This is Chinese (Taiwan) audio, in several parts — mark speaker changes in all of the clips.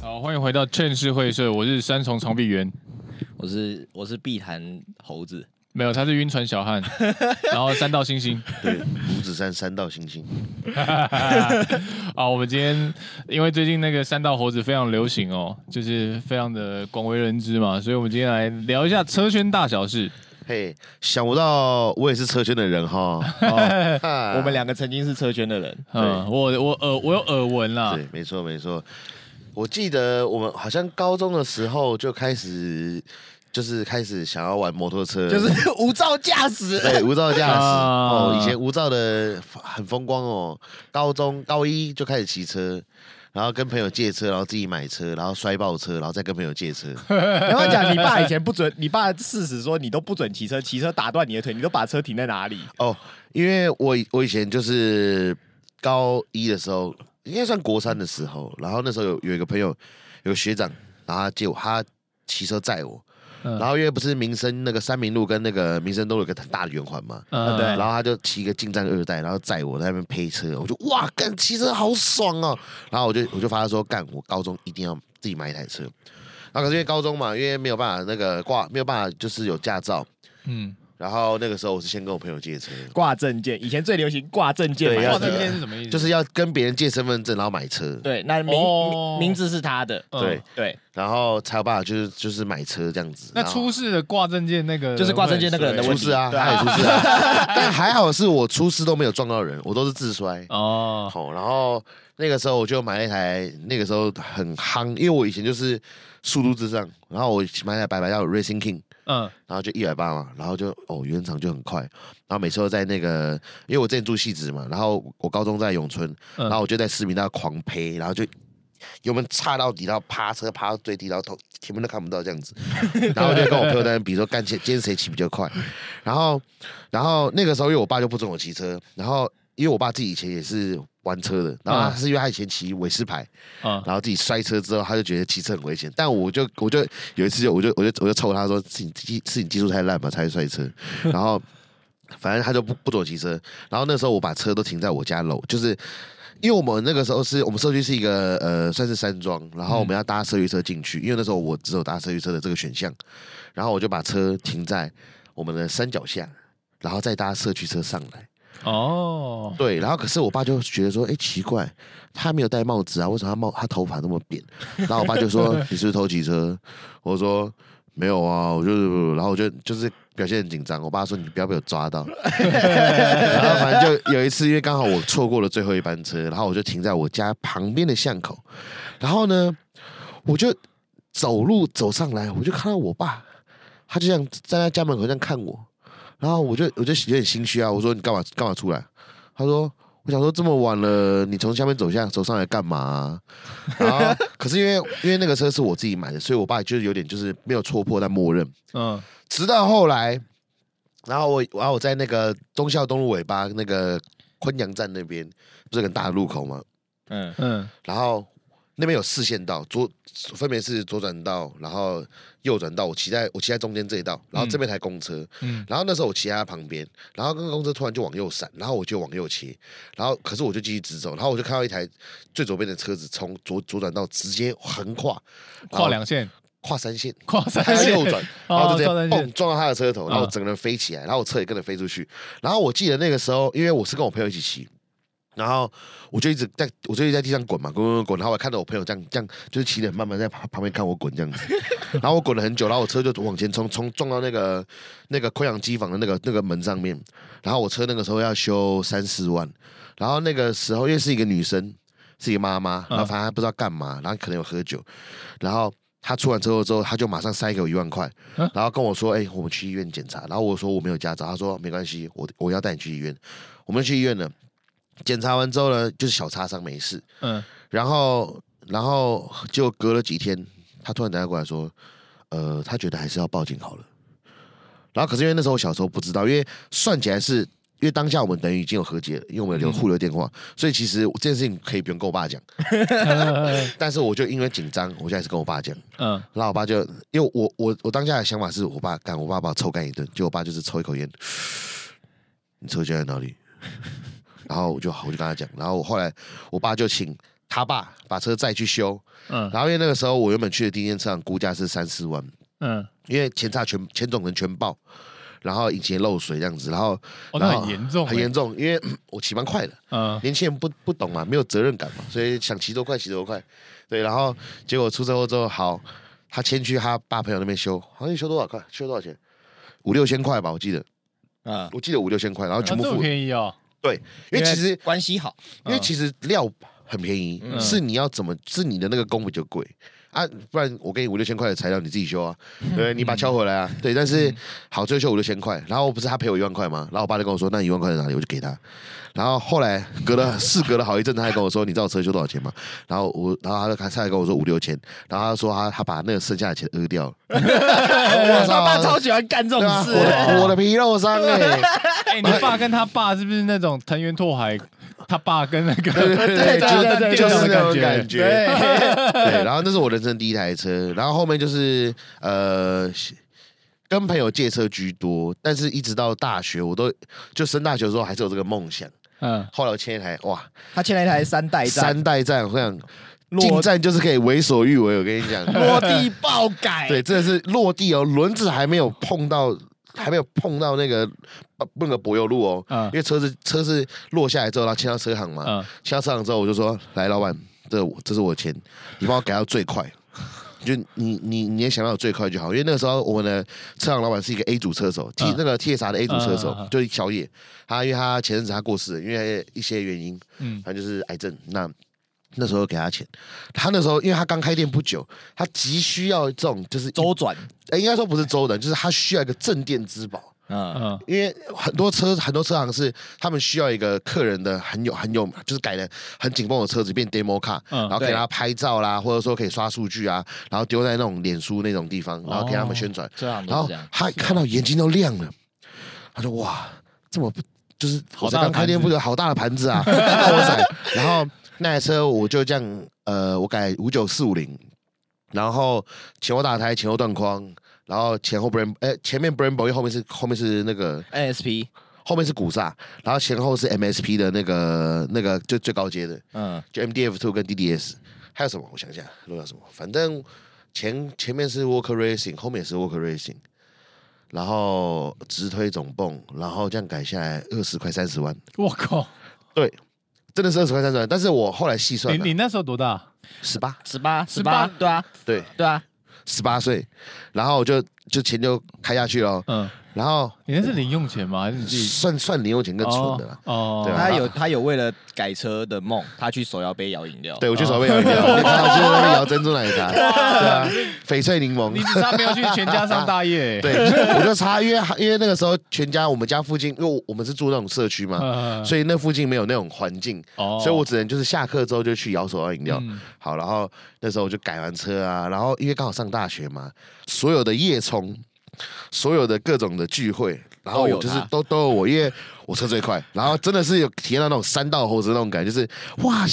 Speaker 1: 好，歡迎回到 c h 會社，我是三重長臂猿，我是我是碧潭猴子。沒有，他是暈船小漢， 然後山道猩猩，對，
Speaker 2: 五指山山道猩猩。
Speaker 1: 啊、 哦，我們今天因為最近那個山道猴子非常流行哦，就是非常的廣為人知嘛，所以我們今天來聊一下車圈大小事。嘿，
Speaker 2: 想不到我也是車圈的人
Speaker 1: 哈，
Speaker 3: 我
Speaker 1: 們兩個曾經是車圈的人，嗯，
Speaker 2: 我我耳我有耳聞了，對，沒錯沒錯，我記得我們好像高中的時候就開始。就是開始想要玩摩托車，就是
Speaker 1: 無照駕駛。對，無照駕駛 哦，以前
Speaker 2: 無照的很風光哦。高中高一就開始騎車，然後跟朋友借車，然後自己買車，然後摔爆車，然後再跟朋友借車。 然後我講，你爸以前不准，
Speaker 3: 你爸事實說你都不准騎車，騎車打斷你的腿，你都把車停在哪裡？
Speaker 2: 哦，因為我我以前就是高一的時候，應該算國三的時候，然後那時候有有一個朋友，有個學長然後他借我，他騎車載我。嗯、然後因為不是民生那個三民路跟那個民生都有一個很大的圓環嘛，嗯、對、然後他就騎一個勁戰二代，然後載我在那邊陪車，我就哇，幹騎車好爽哦、啊。然後我就我就發他說，幹我高中一定要自己買一台車。然後可是因為高中嘛，因為沒有辦法那個掛，沒有辦法就是有駕照，嗯。然後那個時候我是先跟我朋友借車掛證件，以前最流行掛證件。掛證件是什麼意思？就是要跟別人借身份證，然後買車。
Speaker 3: 對，那名
Speaker 1: 名字是他的，
Speaker 2: 對對。然後才有辦法就是就是買車這樣子。那出
Speaker 1: 事的掛證件那個，就是掛證件那個人的。出事啊，他也出
Speaker 2: 事。但還好是我出事都沒有撞到人，我都是自摔哦。然後那個時候我就買了一台，那個時候很夯，因為我以前就是速度至上，然後我買了一台白白叫 Racing King。嗯，uh, 然後就一百八嘛，然後就哦，原廠就很快，然後每次都在那個，因為我之前住汐止嘛，然後我高中在永春，uh, 然後我就在市民那狂呸，然後就油門踩到底，然後趴車趴到最低，然後頭前面都看不到這樣子， 然後就跟我朋友在那， 比如說幹，今天誰騎比較快，然後然後那個時候因為我爸就不准我騎車，然後。因為我爸自己以前也是玩車的，然後他是因為他以前騎偉士牌，啊、然後自己摔車之後，他就覺得騎車很危險。但我就我就有一次就我就我就我就臭他說，是你技是你技術太爛嘛，才會摔車。然後 反正他就不不准我騎車。然後那時候我把車都停在我家樓，就是因為我們那個時候是我們社區是一個呃算是山莊，然後我們要搭社區車進去，嗯、因為那時候我只有搭社區車的這個選項。然後我就把車停在我們的山腳下，然後再搭社區車上來。哦，oh、對，然後可是我爸就覺得說，哎，奇怪，他沒有戴帽子啊，為什麼他帽他頭髮那麼扁？然後我爸就說， 你是不是偷騎車？我說沒有啊，我就是，然後我就就是表現很緊張。我爸說，你不要被我抓到。 然後反正就有一次，因為剛好我錯過了最後一班車，然後我就停在我家旁邊的巷口，然後呢，我就走路走上來，我就看到我爸，他就像站在家門口這樣看我。然後我就我就有點心虛啊，我說你幹嘛幹嘛出來、啊？他說我想說這麼晚了，你從下面走下走上來幹嘛啊？啊！ 可是因為因為那個車是我自己買的，所以我爸就是有點就是沒有戳破，但默認。嗯，直到後來，然後我然後我在那個忠孝東路尾巴那個昆陽站那邊不是很大的路口嗎？嗯嗯，然後。那邊有四線道，左，分別是左轉道，然後右轉道。我騎在我騎在中間這一道，嗯、然後這邊台公車，嗯、然後那時候我騎在他旁邊，然後那個公車突然就往右閃，然後我就往右騎，然後可是我就繼續直走，然後我就看到一台最左邊的車子從左左轉道直接橫跨，跨兩線，跨三線，跨三線，右轉，然後就直接撞到他的車頭，然後整個人飛起來，哦、然後我車也跟着飛出去。然後我記得那個時候，因為我是跟我朋友一起騎。然後我就一直在我就一直在地上滾嘛，滾滾滾，然後我看到我朋友這樣這樣，就是騎著慢慢在旁邊看我滾這樣子。然後我滾了很久，然後我車就往前衝，衝撞到那個那個空氧機房的那個那個門上面。然後我車那個時候要修三四萬。然後那個時候又是一個女生，是一個媽媽，然後反正還不知道幹嘛，然後可能有喝酒。然後她出完車禍之後，她就馬上塞給我一萬塊，然後跟我說：“哎、欸，我們去醫院檢查。”然後我說：“我沒有駕照。”她說：“沒關係，我我要帶你去醫院。”我們去醫院了。檢查完之後呢，就是小擦傷，沒事。嗯，然後，然後就隔了幾天，他突然打電話過來說，呃，他覺得還是要報警好了。然後，可是因為那時候我小時候不知道，因為算起來是，因為當下我們等於已經有和解了，因為我們有留互留電話，嗯、所以其實我這件事情可以不用跟我爸講。 但是，我就因為緊張，我就還是跟我爸講。嗯，然後我爸就，因為我我我當下的想法是我爸幹，我爸把我抽幹一頓，就我爸就是抽一口煙， 你抽煙在哪裡？ 然後我就好，我就跟他講，然後我後來我爸就請他爸把車再去修，嗯，然後因為那個時候我原本去的第一天車廠估價是三四萬，嗯，因為前叉全前總人全爆，然後引擎漏水這樣子，然後、哦、那很嚴重，很嚴重，因為我騎蠻快的，嗯，年輕人不不懂嘛，沒有責任感嘛，所以想騎多快騎多快，對，然後結果出車禍之後，好，他牽去他爸朋友那邊修，好、啊、像修多少塊，修多少錢，五六千塊吧，我記得，嗯、我記得五六千塊，然後全部付。啊、這麼便宜、哦對，因為，因為其實關係好，哦、因為其實料很便宜，嗯、是你要怎麼，是你的那個工比較貴。啊，不然我給你五六千塊的材料，你自己修啊，對，你把它敲回來啊，對。但是好，最多修五六千塊，然後不是他賠我一萬塊嗎？然後我爸就跟我說，那一萬塊在哪裡，我就給他。然後後來隔了事，隔了好一陣子，他還跟我說，你知道我車修多少錢嗎？然後我，然後他就他還跟我說五六千，然後他說他他把那個剩下的錢訛掉
Speaker 1: 了。 我爸超
Speaker 2: 喜歡幹這種事， 我的
Speaker 1: 皮肉傷哎、欸 欸，你爸跟他爸是不是那種藤原拓海？他爸跟那個，對對對，就是那種感覺。對，然後
Speaker 2: 那是我人生第一台車，然後後面就是呃，跟朋友借車居多，但是一直到大學，我都就升大學的時候還是有這個夢想。嗯，後來我簽一台哇，
Speaker 3: 他簽了一台三代戰，三
Speaker 2: 代戰非常，進站就是可以為所欲為。我跟你講， 落地爆改，對，真的是落地哦，輪子還沒有碰到。還沒有碰到那個那個柏油路哦，嗯、因為車子車子落下來之後，他簽到車行嘛，簽、嗯、到車行之後，我就說：“來，老闆，這是我這是我的錢，你幫我改到最快， 就你你你也想到最快就好。”因為那個時候，我們的車行老闆是一個 A 組車手、嗯、T 那個 T S 的 A 組車手，嗯、就是小野，他因為他前陣子他過世了，因為一些原因，嗯，反正就是癌症那。那時候給他錢，他那時候因為他剛開店不久，他急需要這種就是周轉轉、欸，應該說不是周轉，就是他需要一個鎮店之寶、嗯。
Speaker 1: 嗯
Speaker 2: 嗯，因為很多車很多車行是他們需要一個客人的很有很有就是改的很緊繃的車子變 demo car、嗯，然後給他拍照啦，對或者說可以刷數據啊，然後丟在那種臉書那種地方，然後給他們宣傳。對啊、哦，這樣然後他看到眼睛都亮了，嗎他說：“哇，這麼就是好剛開店不久，好大的盤子啊，子啊然後。那台車我就這樣，呃，我改五九四五零，然後前後大胎，前後斷框，然後前後 brem 呃，前面 Brembo 保硬，後面是後面是那個 asp 後面是鼓剎，然後前後是 msp 的那個那個就最高階的，嗯，就 mdf two 跟 dds，還有什麼？我想一下，漏掉什麼？反正前前面是 Walker racing，後面也是 Walker racing，然後直推總泵，然後這樣改下來二十塊三十萬，我靠，對。真的是二十塊三十塊，但是我後來細算，你你那時候多大？十八，十八，十八，對啊，對對啊，十八歲，然後我就就錢就開下去了，嗯。然後你那是零用錢嗎？算算，零用錢更蠢的。哦，他有
Speaker 3: 他有為了改車的夢，他去手搖杯搖飲料。對，我去手搖杯搖飲料，我跑去搖珍珠奶茶，對啊，翡翠檸檬。你只
Speaker 2: 差沒有去全家上大夜。對，我就差因為因為那個時候全家我們家附近，因為我們是住那種社區嘛，所以那附近沒有那種環境，哦，所以我只能就是下課之後就去搖手搖飲料。好，然後那時候我就改完車啊，然後因為剛好上大學嘛，所有的夜衝。所有的各種的聚會。然後我就是都都我，他因為我車最快。然後真的是有體驗到那種山道猴子那種感覺，就是哇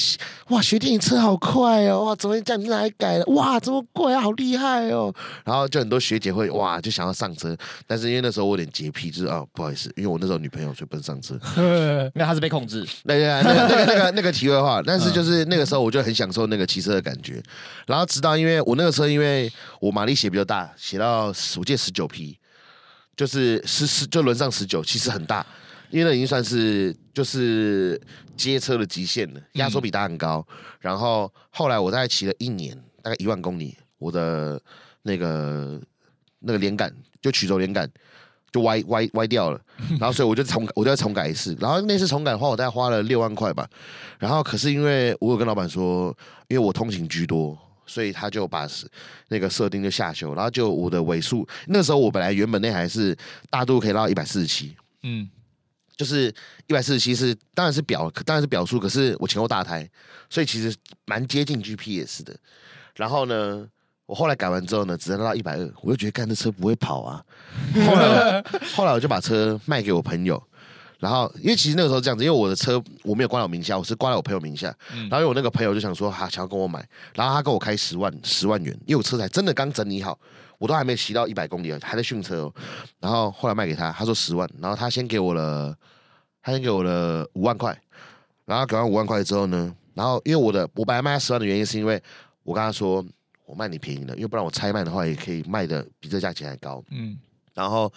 Speaker 2: 哇學弟你車好快哦！哇，怎麼這樣子來改的？哇，這麼貴啊，好厲害哦！然後就很多學姐會哇就想要上車，但是因為那時候我有點潔癖，就是哦，不好意思，因為我那時候女朋友所以不能上車，那他是被控制。對對對，那個那個、那個、那個體會的話， 但是就是那個時候我就很享受那個騎車的感覺。然後直到因為我那個車，因為我馬力寫比較大，寫到我借十九匹。就是十十就輪上十九，其實很大，因為那已經算是就是街車的極限了，壓縮比大很高。嗯、然後後來我大概騎了一年，大概一萬公里，我的那個那個連桿就曲軸連桿就歪歪歪掉了，然後所以我就重我就要重改一次。然後那次重改的話，我大概花了六萬塊吧。然後可是因為我有跟老闆說，因為我通勤居多。所以他就把那個設定就下修，然後就我的尾數，那時候我本來原本那台是大度可以拉到一百四十七，嗯，就是一百四十七是當然是表當然是表數，可是我前後大胎，所以其實蠻接近 GPS 的。然後呢，我後來改完之後呢，只能拉到一百二，我就覺得幹，這車不會跑啊，後來， 後來我就把車賣給我朋友。然後，因為其實那個時候是這樣子，因為我的車我沒有掛在我名下，我是掛在我朋友名下。嗯、然後因為我那個朋友就想說，哈、啊，想要跟我買，然後他跟我開十萬十萬元，因為我車才真的剛整理好，我都還沒騎到一百公里，還在訓車哦。然後後來賣給他，他說十萬，然後他先給我了，他先給我了五萬塊。然後給完五萬塊之後呢，然後因為我的我本來賣他十萬的原因是因為我跟他說我賣你便宜了，因為不然我拆賣的話也可以賣的比這價錢還高。嗯。然後。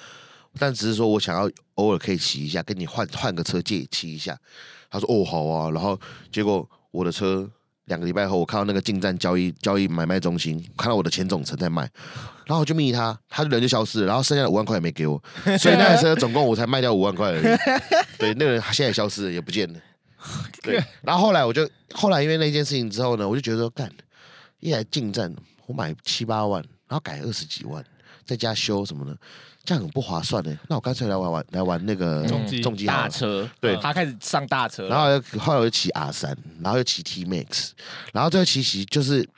Speaker 2: 但只是說我想要偶爾可以騎一下，跟你換換個車借騎一下。他說：“哦，好啊。”然後結果我的車兩個禮拜後，我看到那個勁戰交易交易買賣中心，看到我的前總成在賣，然後我就密他，他的人就消失了，然後剩下的五萬塊也沒給我，所以那台車總共我才賣掉五萬塊而已。 對，那個人現在消失了，也不見了。對，然後後來我就後來因為那件事情之後呢，我就覺得說幹，一來勁戰我買七八萬，然後改二十幾萬，再加修什麼的。這樣很不划算呢，那我乾脆來玩玩，來玩那個重機大、嗯、車。對、嗯，他開始上
Speaker 3: 大車，然後,後 3, 然
Speaker 2: 後又後來又騎 R 三，然後又騎 T Max，然後最後騎騎就是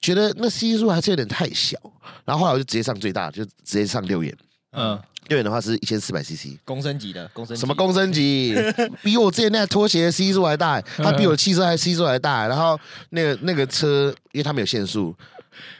Speaker 2: 覺得那 C 數還是有點太小，然後後來我就直接上最大，就直接上六眼。嗯，六眼的話是一千四百 CC，公升級的
Speaker 3: 公升級。什麼公
Speaker 2: 升級？欸、 比我之前那拖鞋的 C 數還大，它比我汽車還 C 數還大。然後那個那個車，因為它沒有限速，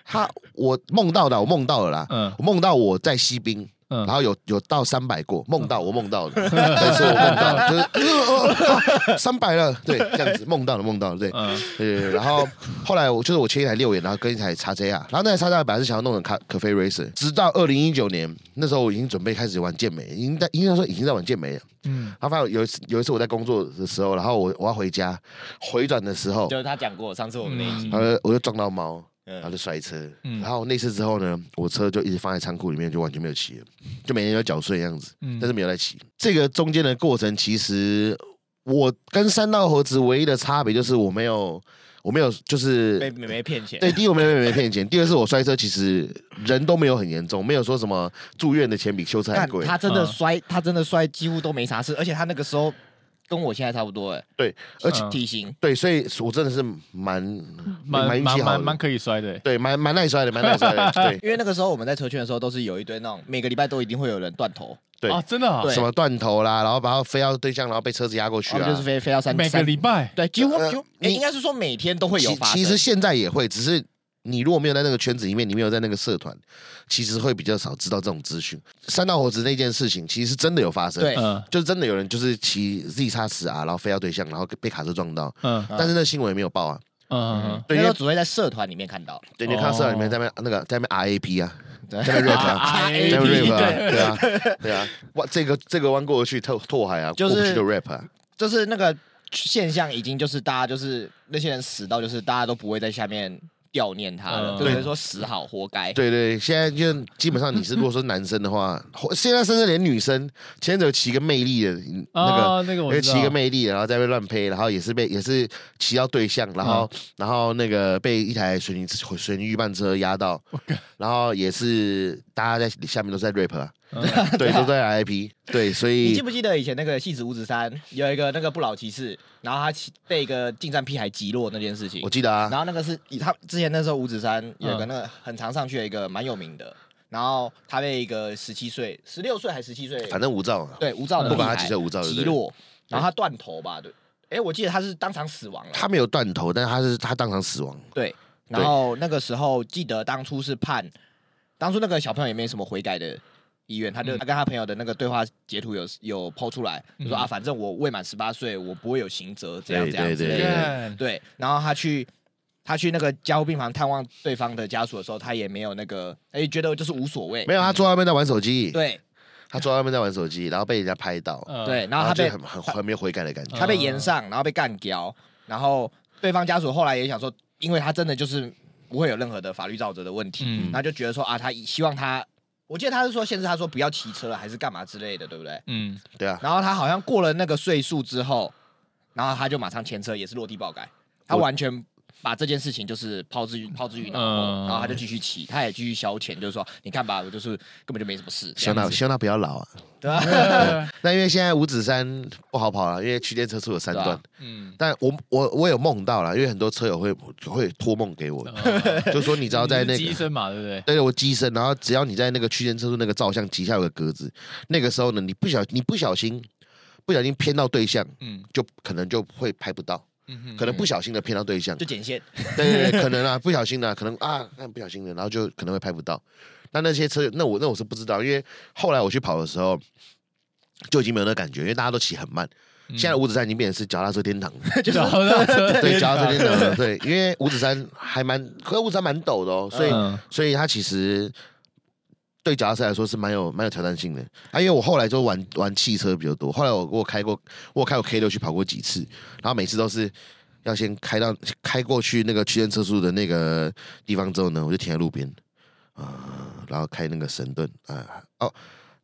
Speaker 2: 他我夢到的，我夢到了啦。了啦嗯，我夢到我在西濱。嗯、然後有有到三百過，夢到我夢到了，嗯、但是我夢到了 就是呃呃、啊、三百了，對，這樣子夢到了夢到了，對、嗯、對,對,對,對,對然後後來我就是我切一台六眼，然後跟一台 XJR，然後那台 XJR 本來是想要弄成 cafe racer, 直到二零一九年，那時候我已經準備開始玩健美，應該應該說已經在玩健美了。嗯，發現有一有有一次我在工作的時候，然後我我要回家回轉的時候，就
Speaker 3: 是他講過上次我們那一
Speaker 2: 集，呃，嗯、我又撞到貓。然後就摔車，嗯，然後那次之後呢，我車就一直放在倉庫裡面，就完全沒有騎了，就每天在繳稅這樣子，嗯，但是沒有在騎。這個中間的過程，其實我跟山道猴子唯一的差別就是我沒有，我沒有，就是被
Speaker 3: 妹妹騙錢。對，第一我
Speaker 2: 沒有妹妹，沒騙錢， 第二是我摔車，其實人都沒有很嚴重，沒有說什麼住院的錢比修車還貴。他真的摔，
Speaker 3: 他真的摔幾乎都沒啥事，而且他那個時候。跟我現在差不
Speaker 2: 多哎，對，而且體型對，所以我真的是蠻蠻蠻蠻可以摔的，對，蠻蠻耐摔的，蠻耐摔的。
Speaker 3: 對，因為那個時候我們在車圈的時候，都是有一堆那種，每個禮拜都一
Speaker 2: 定會有人斷頭，對啊，真的，什麼斷頭啦，然後然後非要對向，然後被車子壓過去啊，就是飛
Speaker 3: 飛到山，每個禮拜對，幾乎就，你應該是說每天都會有發生，其實
Speaker 2: 現在也會，只是。你如果沒有在那個圈子裡面，你沒有在那個社團，其實會比較少知道這種資訊。山道猴子那件事情，其實是真的有發生，對，就是真的有人就是騎 Z 叉四啊，然後飛到對象，然後被卡車撞到，嗯，但是那新聞也沒有報啊，嗯，對，因為只
Speaker 3: 會在社團裡面看到，對，你看社團裡面
Speaker 2: 在那邊那個在那邊 rap 啊，那有 rap，啊 rap，對啊，對啊，哇，這個這個彎過去，拓拓海啊，就是 rap，
Speaker 3: 就是那個現象已經就是大家就是那些人死到就是大家都不會在下面。悼
Speaker 2: 念他了，對，嗯、說
Speaker 3: 死好活該。對，
Speaker 2: 對對，現在就基本上你是如果說男生的話， 現在甚至連女生牽着騎個魅力的，那個那個被騎個魅力，然後再被亂呸，然後也是被也是騎到對象，然後、嗯、然後那個被一台水泥水泥預拌車壓到，Okay 然後也是大家在下面都在 RIP 啊。對，啊、對，對啊、都在 I P。對，所以 你記不
Speaker 3: 記得以前那個汐止五指山有一個那個不老騎士，然後他被一個近戰屁孩擊落那件事情？我記得啊。然後那個是以他之前那時候五指山有一個那個很常上去的一個、嗯、蠻有名的，然後他被一個十七歲、十六歲還是十七歲，反正無
Speaker 2: 照、啊、對無照不管他幾歲無照擊落，然後他
Speaker 3: 斷頭吧？對，哎對，我記得他是當場死亡了。他
Speaker 2: 沒有斷頭，但是他是他當場死亡。對，然後
Speaker 3: 對那個時候記得當初是判當初那個小朋友也沒什麼悔改的。醫院，他就、嗯、他跟他朋友的那個對話截圖有有 PO 出來，就說啊，反正我未滿十八歲，我不會有刑責這樣這樣子，對對對,對,對,對。然後他去他去那個加護病房探望對方的家屬的時候，他也沒有那個，哎、欸，覺得就是無所謂。沒有，他
Speaker 2: 坐在外面在玩手機。嗯、對，他坐在外面在玩手機，然後被人家拍到。對、嗯，然後他被很很沒有悔改的感覺。嗯、他被炎
Speaker 3: 上，然後被幹掉，然後對方家屬後來也想說，因為他真的就是不會有任何的法律照責的問題，那、嗯、就覺得說啊，他希望他。我記得他是說限制，他說不要騎車了，還是幹嘛之類的，對不對？嗯，對啊。然後他好像過了那個歲數之後，然後他就馬上牽車也是落地爆改，他完全。把這件事情就是拋之於拋之於腦，然後他就繼續騎，他也繼續消遣。就是說，你看吧，我就是根本就沒什麼事。希望他、就是，希
Speaker 2: 望他不要老啊，對啊。那因為現在五指山不好跑了，因為區間車速有三段，啊。嗯，但我我我有夢到了，因為很多車友會會託夢給我，嗯、就說你只要在那個機身嘛，對不對？對，我機身。然後只要你在那個區間車速那個照相機下有個格子，那個時候呢，你不小你不小心不小心偏到對象，嗯，就可能就會拍不到。嗯嗯嗯，可能不小心的騙到對象，就剪
Speaker 3: 線。對對，對 可
Speaker 2: 能啊，不小心的、啊，可能啊，那不小心的，然後就可能會拍不到。但那，那些車，那我那我是不知道，因為後來我去跑的時候，就已經沒有那感覺，因為大家都騎很慢。嗯、現在五指山已經變成是腳踏車天堂，對腳踏車天堂了，對，因為五指山還蠻，可是五指山蠻陡的哦，所以、嗯、所以他其實。對駕駛來說是蠻有蠻有挑戰性的啊！因為我後來就玩玩汽車比較多，後來我我開過我開過 K 六去跑過幾次，然後每次都是要先開到開過去那個區間測速的那個地方之後呢，我就停在路邊啊、呃，然後開那個神盾啊、呃、哦，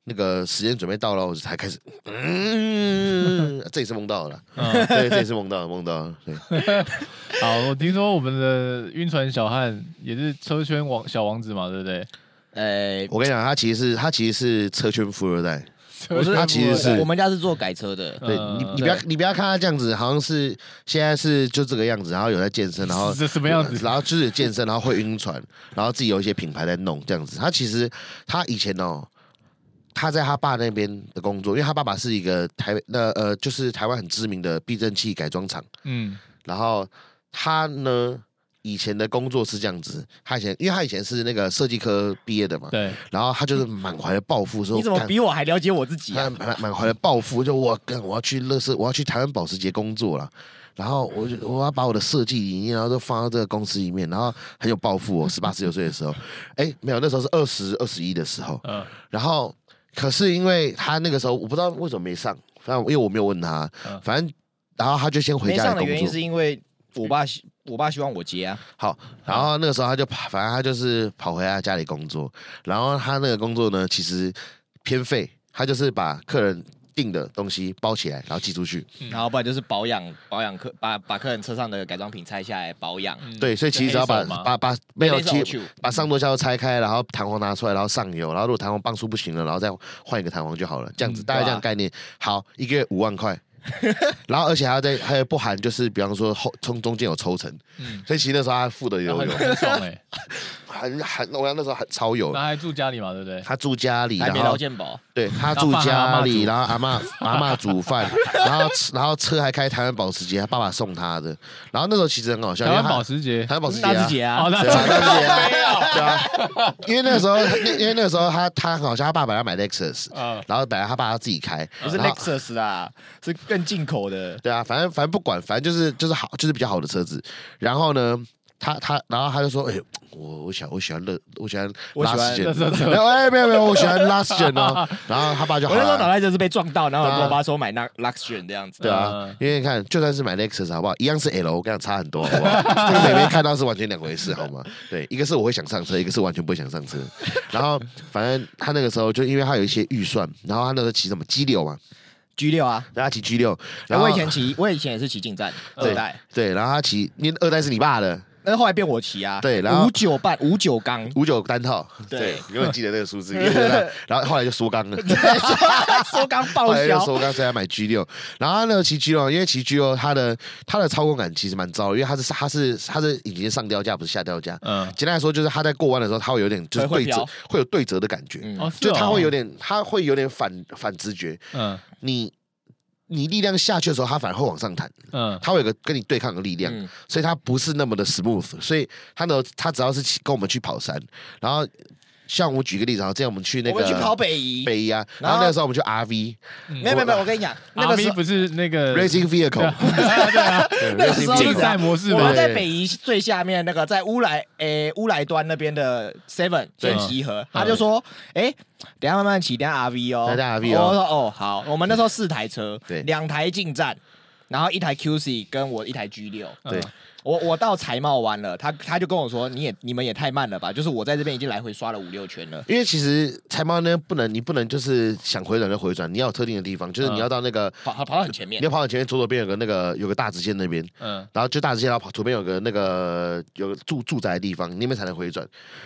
Speaker 2: 那個時間準備到了，我才開始，嗯，啊、這也是夢到,到,到了，對這也是夢到夢到，對，
Speaker 1: 好，我聽說我們的暈船小漢也是車圈王小王子嘛，對不對？誒，欸、我跟你講，
Speaker 2: 他其實是他其實是車圈富二代。我是，不是，他其實是，我們
Speaker 1: 家是做改車的。對，你你不要
Speaker 2: 對你不要看他這樣子，好像是現在是就這個樣子，然後有在健身，然後是什麼樣子？然後就是健身，然後會暈船，然後自己有一些品牌在弄這樣子。他其實他以前哦、喔，他在他爸那邊的工作，因為他爸爸是一個台那呃，就是台灣很知名的避震器改裝廠。嗯，然後他呢？以前的工作是這樣子，他以前，因為他以前是那個設計科畢業的嘛，對，然後他就是滿懷抱負說，你怎麼比我還了解我自己、啊？他滿懷的抱負，就我跟我要去樂視，我要去台灣保時捷工作了，然後我就我要把我的設計理念，然後都放到這個公司裡面，然後很有抱負哦。我十八十九歲的時候，哎、嗯欸，沒有，那時候是二十二十一的時候，嗯，然後可是因為他那個時候，我不知道為什麼沒上，反正因為我沒有問他，嗯、反正然後他就先回家來工作，沒上的原因是因為我爸。我爸希望我接啊，好，然後那個時候他就跑，反正他就是跑回他家裡工作，然後他那個工作呢，其實偏廢，他就是把客人訂的東西包起來，然後寄出去，
Speaker 3: 嗯、然後不然就是保養保養客，把把客人車上的改裝品拆下來保養，嗯、對，所以其實只要把把
Speaker 2: 把沒有手手把上座下都拆開，然後彈簧拿出來，然後上油，然後如果彈簧磅數不行了，然後再換一個彈簧就好了，這樣子、嗯、大概這樣概念，哇好，一個月五萬塊。然後，而且還要在，還要不含，就是比方說，後從中間有抽成。嗯，所以其實那時候他富的有有很爽很很，我講那時候很超有，他還住家裡嘛，對不對？他住家裡，然後健保，對他住家裡，沒勞健保，對他住家裡，然後阿媽阿媽煮飯，然後然後車還開台灣保時捷，他爸爸送他的，然後那時候其實很好笑，台灣保時捷，台灣保時捷啊，好的， 對啊，因為那個時候， 因為那個時候他他好像他爸爸要買 Lexus，、uh, 然後本來他爸要自己開，不是 Lexus 啊，後是更進口的。對啊，反正反正不管，反正就是就是好，就是比較好的車子。然後呢？他他，然後他就說：“哎，我我想我喜歡樂，我喜歡拉什沒有沒有沒有，我喜歡 Luxgen 哦。”然後他爸就：“好。我那時候腦袋就是被撞到，然後我跟我爸
Speaker 3: 說買那 Luxgen 這樣子。”“對啊，
Speaker 2: 因為你看，就算是買 Lexus 好不好，一樣是 L，我跟你講差很多好不好？因為每個人看到是完全兩回事，好嗎？對，一個是我會想上車，一個是完全不想上車。然後反正他那個時候就因為他有一些預算，然後他那時候騎什麼 G6 嘛，G6 啊，他騎 G6。然後我以前騎，我以
Speaker 3: 前也是騎勁戰二代，
Speaker 2: 對，然後他騎，因為二代是你爸的。”那後來變我騎啊，對，然後五九半，五九缸，五九單套，對，永遠記得那個數字。然後後來就縮缸了，縮缸報銷。後來的時候，買 G 六，然後那騎 G 六，因為騎 G 六，它的它的操控感其實蠻糟，因為它是它是它是引擎上吊架，不是下吊架。嗯，簡單來說就是它在過彎的時候，它會有點就是對折，會有對折的感覺。哦，就它會有點，它會有點反反直覺。嗯，你。你力量下去的時候，它反而會往上彈，嗯、它會有個跟你對抗的力量，嗯、所以它不是那麼的 smooth，所以它呢，它只要是跟我們去跑山，然後。像我舉個例子，然後今天我們去那個，我去跑北宜，北宜啊。然後那時候我們去 RV，沒有沒有沒有，我跟你講，那個是不是那個 Racing Vehicle？那個時
Speaker 3: 候是競賽模式。我在北宜最下面那個，在烏來欸烏來端那邊的 Seven 就集合，他就說：“哎，等下慢慢騎，等下 RV 哦，等下 RV 哦。”我說：“哦，好。”我們那時候四台車，對，兩台進站，然後一台 QC 跟我一台 G 六，對。我我到財貿灣了，他他就跟我說，你也你們也太慢了吧，就是我在這邊已經來回刷了五六圈了。因
Speaker 2: 為其實財貿呢不能，你不能就是想回轉就回轉，你要有特定的地方，就是你要到那個、嗯、跑跑到很前面，你要跑到前面左手邊有個那個有個大直線那邊，嗯，然後就大直線要跑左邊有個那個有個住住宅的地方，那邊才能回轉。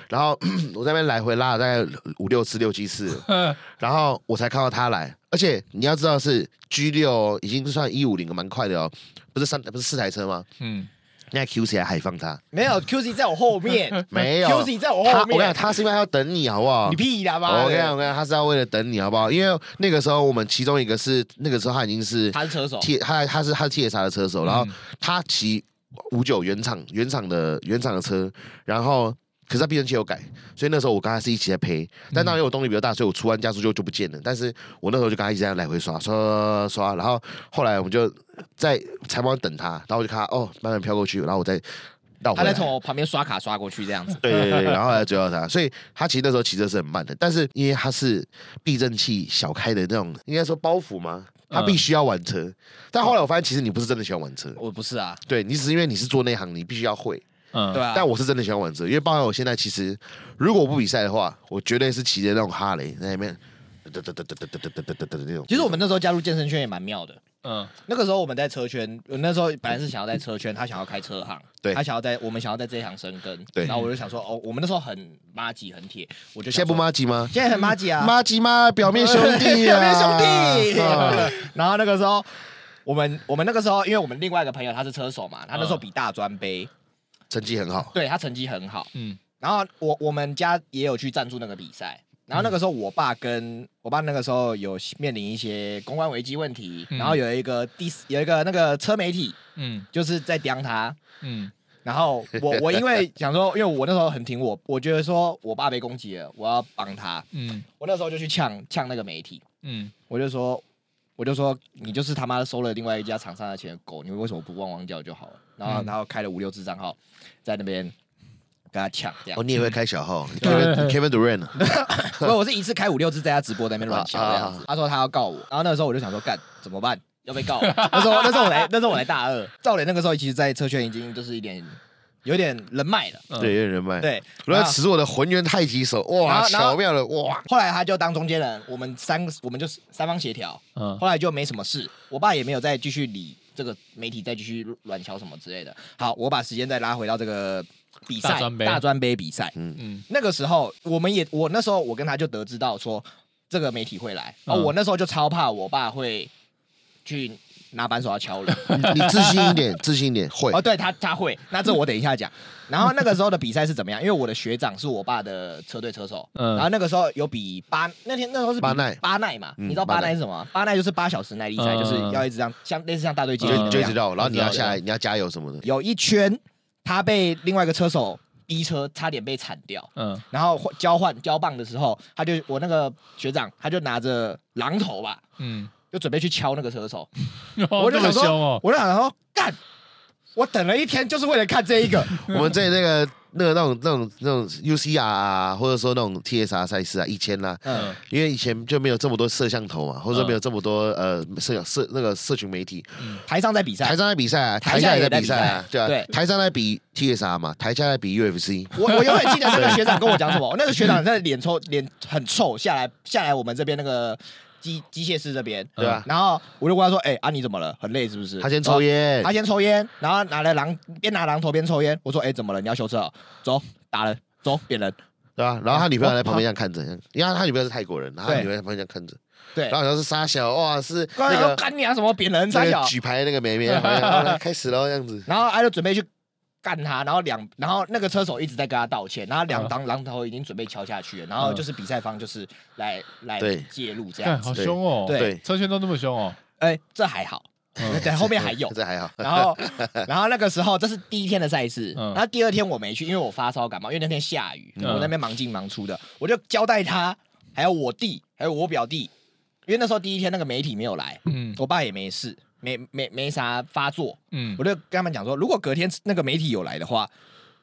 Speaker 2: 然後 我在那邊來回拉了大概五六次六七次，嗯， 然後我才看到他來，而且你要知道是 G 六已經算一五零的蠻快的哦，不是三不是四台車嗎？嗯。那 Q C 海放他？
Speaker 3: 沒有 Q C 在我後面， 沒有 Q C 在我後面。我跟你講他
Speaker 2: 是因為他要等你好不好？你屁啦，嘛、oh,？我跟你講我跟你講，他是要為了等你好不好？因為那個時候我們其中一個是那個時候他已經是他是車手，t 他他是他是 T S A 的車手，然後他騎五九原廠原廠的原廠的車，然後。可是他避震器有改，所以那時候我跟他是一起在陪，但那因為我動力比較大，所以我出彎加速就就不見了。但是我那時候就跟他一直在來回刷刷刷，然後後來我們就在採訪等他，然後我就看他哦，慢慢飄過去，然後我再繞回來。他在
Speaker 3: 從我旁邊刷卡刷過去這樣子。對， 然後
Speaker 2: 來追到他，所以他其實那時候騎車是很慢的，但是因為他是避震器小開的那種，應該說包袱嗎？他必須要玩車。嗯、但後來我發現，其實你不是真的喜歡玩車。我不是啊。對，你只是因為你是做那行，你必須要會。嗯，對但我是真的喜歡玩這，因為包含我現在其實，如果我不比賽的話，我絕對是騎着那種哈雷在那邊。其實我們那時候加入健身圈也蠻妙的，
Speaker 3: 嗯，那個時候我們在車圈，那時候本來是想要在車圈，他想要開車行，對，他想要在我們想要在這一行生根，對。然後我就想說，哦，我們那時候很麻吉、很鐵。
Speaker 2: 我覺得現在不麻吉嗎？現在很麻吉啊，麻吉嗎？表面
Speaker 3: 兄弟，表面兄弟。然後那個時候，我們我們那個時候，因為我們另外一個朋友他是車手嘛，他那時候比大專杯。成績很好，對，他成績很好，嗯，然後我我們家也有去贊助那個比賽，然後那個時候我爸跟我爸那個時候有面臨一些公關危機問題，嗯、然後有一個第有一個那個車媒體，
Speaker 4: 嗯，
Speaker 3: 就是在刁他，嗯，然後我我因為想說，因為我那時候很挺我，我覺得說我爸被攻擊了，我要幫他，嗯，我那時候就去嗆嗆那個媒體，嗯，我就說。我就說，你就是他媽收了另外一家廠商的錢的狗，你為什麼不汪汪叫就好了？然後、嗯、然後開了五六只賬號，在那邊跟他搶。這樣哦，你也會開小號，Kevin Durant。
Speaker 2: 對 所以，我是一
Speaker 3: 次開五六隻，在他直播在那邊亂搶，啊這樣子。他說他要告我，然後那個時候我就想說，幹，幹怎麼辦？要被告？他說那時候我來那時候我來大二，趙磊那個時候其實，在車圈已經就是一點。有點人脈的，嗯、對，有
Speaker 2: 點人脈。對，然後，使我的渾圓太極手，哇，巧妙的，哇。
Speaker 3: 後來他就當中間人，我們三，我們就三方協調。嗯，後來就沒什麼事，我爸也沒有再繼續理這個媒體，再繼續軟橋什麼之類的。嗯、好，我把時間再拉回到這個比賽，大專杯比賽。嗯嗯，那個時候我們也，我那時候我跟他就得知到說這個媒體會來，嗯、然後我那時候就超怕我爸會去。拿扳手要敲了 你，你自信一
Speaker 2: 點，自信一點會哦
Speaker 3: 對他他會，那這我等一下講。然後那個時候的比賽是怎麼樣？因為我的學長是我爸的車隊車手，嗯、然後那個時候有比八那天那時候是八耐，八耐嘛，嗯、你知道八耐、嗯、是什麼？八耐就是八小時耐力賽，嗯、就是要一直這樣像類似像大隊接力一樣，就、嗯、然後你要下來，你要加油什麼的。有一圈他被另外一個車手逼車，差點被鏟掉。嗯，然後交換交棒的時候，他就我那個學長，他就拿着榔頭吧，嗯。就準備去敲那個車手，
Speaker 2: 我就想說，我就想說幹，我等了一天就是為了看這一個。 我們在那個那個那種那種那種 U C R 啊，或者說那種 T S R 賽事啊，一千啦，嗯，因為以前就沒有這麼多攝像頭嘛，或者說沒有這麼多呃社社那個社群媒體，台上在比賽，台上在比賽啊，台下也在比賽啊，對對、啊，台上在比 T S R 嘛，台下在比 U F C。我我永遠記得那個學長跟我講什麼，那個學長
Speaker 3: 在臉臭臉很臭，下來下來我們這邊那個。機機械師這邊，對吧然後我就跟他說：“哎、欸、啊，你怎麼了？很累是不是？”他先抽煙、啊，他先抽煙，然後拿來榔，邊拿榔頭邊抽煙。我說：“哎、欸，怎麼了？你要修車、哦、走，打
Speaker 2: 人，走，扁人。”對吧、啊？然後他女朋友在旁邊這樣看着，因為他女朋友是泰國人，對然後他女朋友在旁邊這樣看着，對，然後好像是沙小哇是幹娘什麼扁人沙小舉牌那個妹妹， 開始嘍這樣子，
Speaker 3: 然後他、啊、就準備去。看他！然後兩，然後那個車手一直在跟他道歉。然後兩當榔頭已經準備敲下去了，然後就是比賽方就是來來介入這樣。好凶哦！對，
Speaker 1: 車圈都那麼凶哦。哎，這還好。對，
Speaker 3: 後面還有這還好。然後，然後那個時候這是第一天的賽事。然後第二天我沒去，因為我發燒感冒，因為那天下雨，我那邊忙進忙出的，我就交代他，還有我弟，還有我表弟。因為那時候第一天那個媒體沒有來，我爸也沒事。沒沒沒啥發作，嗯，我就跟他們講說，如果隔天那個媒體有來的話，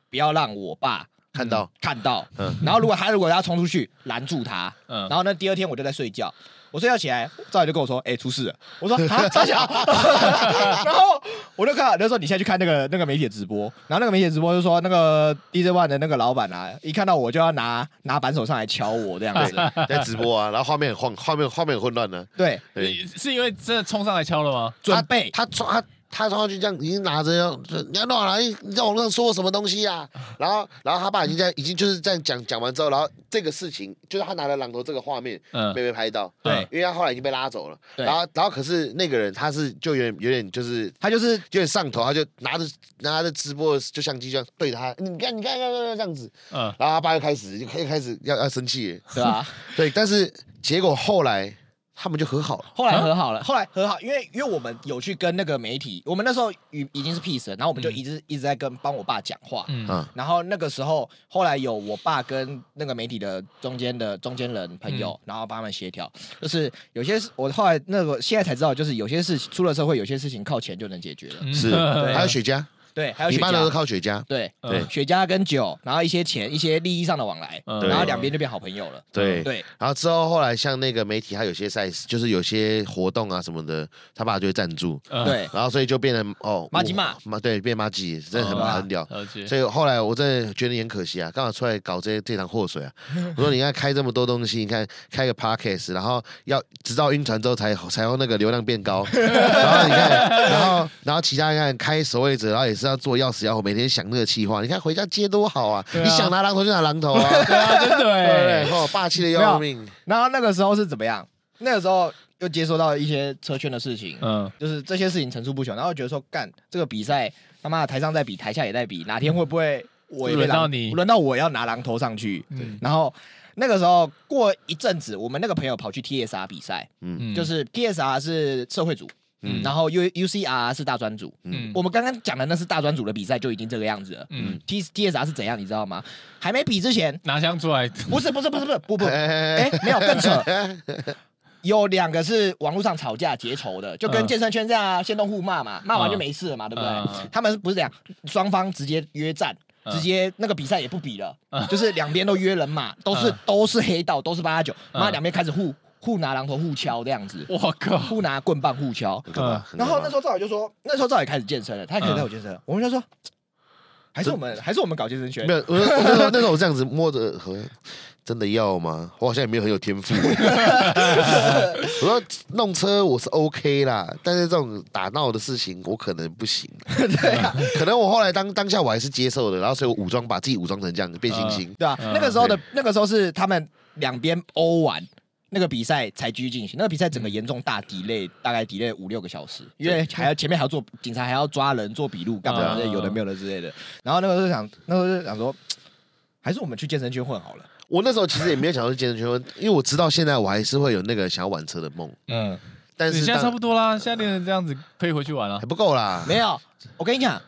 Speaker 3: 不要讓我爸看到看到，嗯， 然後如果他如果要衝出去攔住他，嗯，然後呢，第二天我就在睡覺。我睡覺起來，趙宇就跟我說：“哎、欸，出事了！”
Speaker 4: 我說：“趙宇。小” 然後
Speaker 3: 我就看，那個、時候：“你現在去看那個那個媒體的直播。”然後那個媒體的直播就說：“那個 DJ One 的那個老板啊，一看到我就要拿拿扳手上來敲我這樣子。”在直播啊，
Speaker 2: 然後畫面很混，畫面畫面很混亂的、啊。對，是，對是因為真的衝上來敲了嗎？準備，他抓。他他他然後就這樣已經拿着要，你要弄好了，你在網絡上說我什麼東西啊？ 然後，然後他爸已經這樣，已經就是這樣講講完之後，然後這個事情就是他拿了榔頭這個畫面，嗯，被被拍到，對，因為他後來已經被拉走了，對。然後，然後可是那個人他是就有點有點就是他就是有點上頭，他就拿着拿着直播的就相機這樣對他，你看你看，你看這樣子，嗯。然後他爸又開始又又開始要要生氣，對吧？ 對，但是結果後來。他們就和好了，後來和好了，呵後來和好，因為因為我們有去跟那個媒體，我們那
Speaker 3: 時候已已經是 peace 了，然後我們就一直、嗯、一直在跟幫我爸講話，嗯，然後那個時候後來有我爸跟那個媒體的中間的中間人朋友，嗯、然後幫他們協調，就是有些事我後來那個現在才知道，就是有些事情出了社會，有些事情靠錢就能解決了，是、啊、還有雪茄。
Speaker 2: 對，還有你媽都是靠雪茄。對
Speaker 3: 對，雪茄跟酒，然後一些錢，一些利益上的往來，然後兩邊就變好朋友了。
Speaker 2: 對對，然後之後後來像那個媒體，還有些賽事，就是有些活動啊什麼的，他爸就會贊助。對，然後所以就變成哦，麻吉嘛，對，變麻吉，真的很很屌。所以後來我真的覺得很可惜啊，剛好出來搞這這場禍水啊。我說你看開這麼多東西，你看開個 podcast 然後要直到暈船之後才才讓那個流量變高，然後你看，然後然後其他你看開守衛者，然後也是。要做匙要死要活，每天想那個企劃。你看回家接多好啊！啊你想拿榔頭就拿榔頭啊！對啊 對真對,對，哦、霸氣的要命。然後那個時候是怎麼樣？
Speaker 3: 那個時候又接收到一些車圈的事情，嗯，就是這些事情層出不窮。然後覺得說，幹這個比賽，他媽的台上在比，台下也在比。哪天會不會我也輪到你？輪到我要拿榔頭上去？對然後那個時候過一陣子，我們那個朋友跑去 T S R 比賽，嗯，就是 T S R 是社會組。然後 U U C R 是大專組，嗯，我們剛剛講的那是大專組的比賽就已經這個樣子了，嗯，T T S R 是怎樣你知道嗎？還沒比之前，拿槍出來。不是不是不是不是，不不不，哎，沒有更扯，有兩個是網絡上吵架結仇的，就跟健身圈這樣先動互罵嘛，罵完就沒事了嘛，對不對？他們不是這樣，雙方直接約戰，直接那個比賽也不比了，就是兩邊都約人嘛，都是都是黑道，都是八八九，那兩邊開始互。互拿榔頭互敲這樣子，我靠、oh God！互拿棍棒互敲。嗯、然後那時候趙磊就說：“那時候趙磊開始健身了，他也開始帶我健身了。嗯”我們就說：“還是我們，嗯、還是我們搞健身圈。”沒有，我說那時候，
Speaker 2: 那時候我這樣子摸着，和真的要嗎？我好像也沒有很有天賦。我說弄車我是 OK 啦，但是這種打鬧的事情我可能不行。嗯、可能我後來當當下我還是接受的，然後所以我武裝把自己武裝成這樣子變猩猩、嗯，對吧、
Speaker 3: 啊？那個時候的對那個時候是他們兩邊毆完。那個比賽才繼續進行，那個比賽整個嚴重大 delay，大概 delay 五六個小時，因為還要前面還要做警察還
Speaker 2: 要抓人做筆錄，幹嘛、uh, 有的沒有的之類的。Uh, uh, 然後那個時候就想，那個時候就想說，還是我們去健身圈混好了。我那時候其實也沒有想到去健身圈混，uh, 因為我知道現在我還是會有那個想要玩車的夢。
Speaker 1: 嗯，uh, 但是現在差不多啦，現在練成這樣子可以回去玩了、啊，還不夠啦。
Speaker 3: 沒有，我跟你講，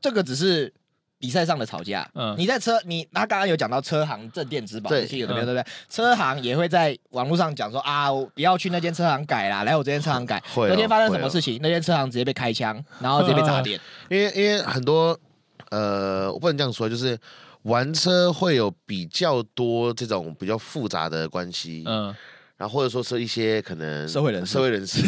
Speaker 3: 這個只是。比賽上的吵架，嗯、你在車你，他剛剛有講到車行鎮店之寶，對對不對？有有嗯、車行也會在網絡上講說啊，我不要去那間車行改啦，來我這間車行改。昨天、哦、發生什麼事情？哦、那間車行直接被開槍，然後直接被砸
Speaker 2: 店。因為因為很多呃，我不能這樣說，就是玩車會有比較多這種比較複雜的關係。嗯。然後或者說是一些可能社會人社會人士，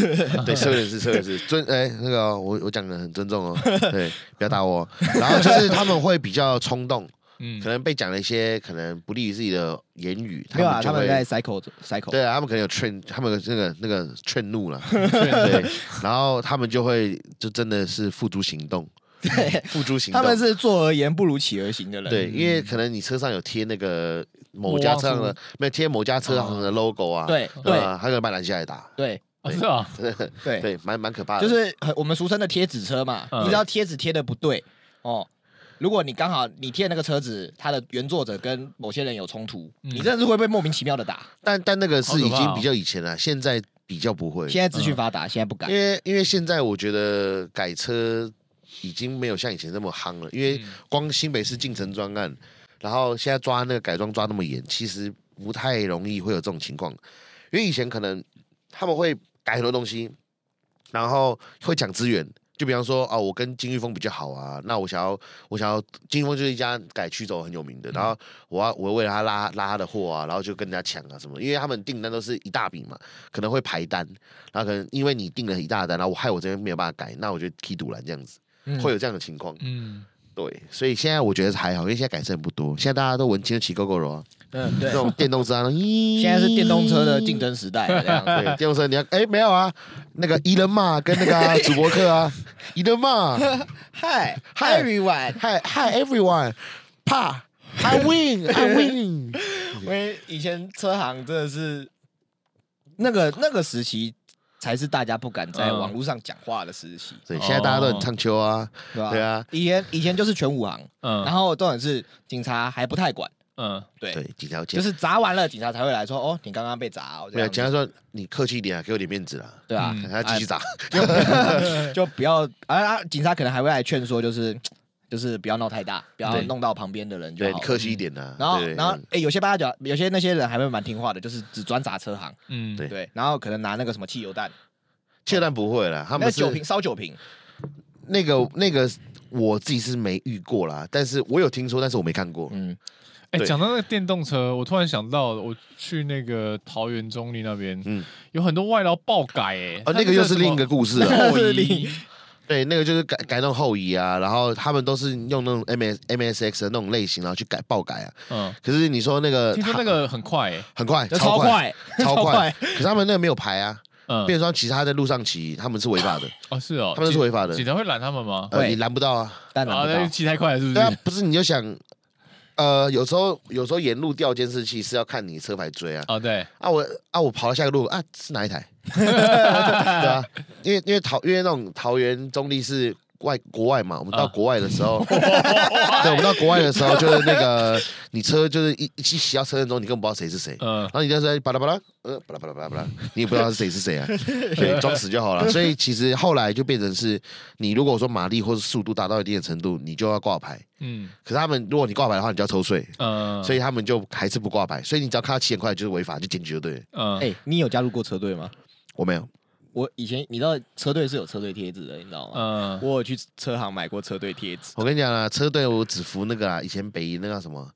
Speaker 2: 對社會人士社會人士尊哎，那個我我講得很尊重哦，對，不要打我。然後就是他們會比較衝動，嗯，可能被講了一些可能不利於自己的言語，沒有啊。他們在
Speaker 3: cycle
Speaker 2: cycle，對，他們可能有勸，他們有那個那個勸怒了，對。然後他們就會就真的是付諸行動，對，付諸行動。他們是坐而言不如起而行的人，對，因為可能你車上有貼那個。某家車上的，沒有貼某家車行的 logo 啊。對對，還有被攔下來打，
Speaker 3: 對，是啊，
Speaker 2: 對對，蠻蠻可怕的，就
Speaker 3: 是我們俗稱的貼紙車嘛。你知道貼紙貼的不對哦，如果你剛好你貼那個車子，它的原作者跟某些人有衝突，你真的是會被莫名其妙的打。
Speaker 2: 但但那個是已經比較以前了，現在比較不會。現在資訊發達，現在不敢。因為因為現在我覺得改車已經沒有像以前那麼夯了，因為光新北市進城專案。然後現在抓那個改裝抓那麼嚴，其實不太容易會有這種情況，因為以前可能他們會改很多東西，然後會搶資源，就比方說啊、哦，我跟金玉峰比較好啊，那我想要我想要金玉峰就是一家改曲軸很有名的，嗯、然後我要我為了他拉拉他的貨啊，然後就跟人家搶啊什麼，因為他們訂單都是一大筆嘛，可能會排單，然後可能因為你訂了一大單，然後我害我這邊沒有辦法改，那我就得踢賭爛這樣子，嗯、會有這樣的情況，嗯。對，所以現在我覺得還好，因為現在改善不多。現在大家都文青得騎 Gogoro 了啊，嗯，對，這種電動車、啊、咦，現在是電動車的競爭時代，這樣。 對，電動車你要哎沒有啊，那個伊隆馬跟那個祖克柏啊，啊 伊隆馬，嗨，嗨，everyone，嗨，嗨，everyone，怕，I win，I win，因為以
Speaker 3: 前車行真的是那個那個時期。才是大家不敢在網絡上
Speaker 2: 講話的時期，嗯。對，現在大家都很唱秋啊，對吧？啊，
Speaker 3: 啊以前以前就是全武行，嗯，然後都很是警察還不
Speaker 2: 太管，嗯，對，對，警察就是
Speaker 3: 砸完了警察才會來說，哦，你剛剛被砸，對，啊、警察
Speaker 2: 說你客氣一點啊，給我點面子啦，對吧？還要繼續砸，啊、就
Speaker 3: 不要 啊，警察可能還會來勸說，就是。就是不要鬧太大，不要弄到旁邊的人就好了。你客氣一點
Speaker 2: 的。然後，然後，
Speaker 3: 哎，有些八角，有些那些人還會蠻聽話的，就是只專砸車行。嗯，對。然後可能拿那個什麼汽油彈，
Speaker 2: 汽油彈不會了，他們酒瓶燒酒瓶。那個那個，我自己是沒遇過啦，但是我有聽說，但是我沒看過。嗯，
Speaker 1: 哎，講到那個電動車，我突然想到，我去那個桃園中壢那邊，嗯，有很多外勞爆改，哎，啊，那個又是另一個故事
Speaker 2: 對，那個就是改改動後移啊，然後他們都是用那種 MS MSX 的那種類型，然後去改爆改啊。嗯，可是你說那個，他那個
Speaker 1: 很快，很快，超快，超快。
Speaker 2: 可是他們那個沒有牌啊。嗯，變成其實他在路上騎，他們是違法的。
Speaker 1: 哦，是哦，他們是違法的。警察會攔
Speaker 2: 他們嗎？呃，你攔不到啊。啊，那就騎太快了是不是？那不是你就想。呃，有時候有時候沿路調監視器是要看你車牌追啊。哦，對，啊我啊我跑到下個路啊，是哪一台？
Speaker 1: 對啊，
Speaker 2: 因為因為桃因為那種桃園中壢是。外國外嘛，我們到國外的時候，啊、 對，我們到國外的時候，就是那個你車就是一一起騎到車陣中，你根本不知道誰是誰，嗯、呃，然後你就是在巴拉巴拉，呃，巴拉巴拉巴拉巴拉，你也不知道他是誰是誰啊，所以裝死就好了。所以其實後來就變成是，你如果說馬力或是速度達到一定的程度，你就要掛牌，嗯，可是他們如果你掛牌的話，你就要抽稅，嗯、呃，所以他們就還是不掛牌，所以你只要看到七千塊就是違法，就檢舉就對了。哎、呃欸，你有加入過車隊嗎？我沒有。我以前你知道車隊是有車隊貼紙的，你知道嗎？嗯，我有去車行買過車隊貼紙。我跟你講啊，車隊我只服那個啊。以前北宜那個叫什麼，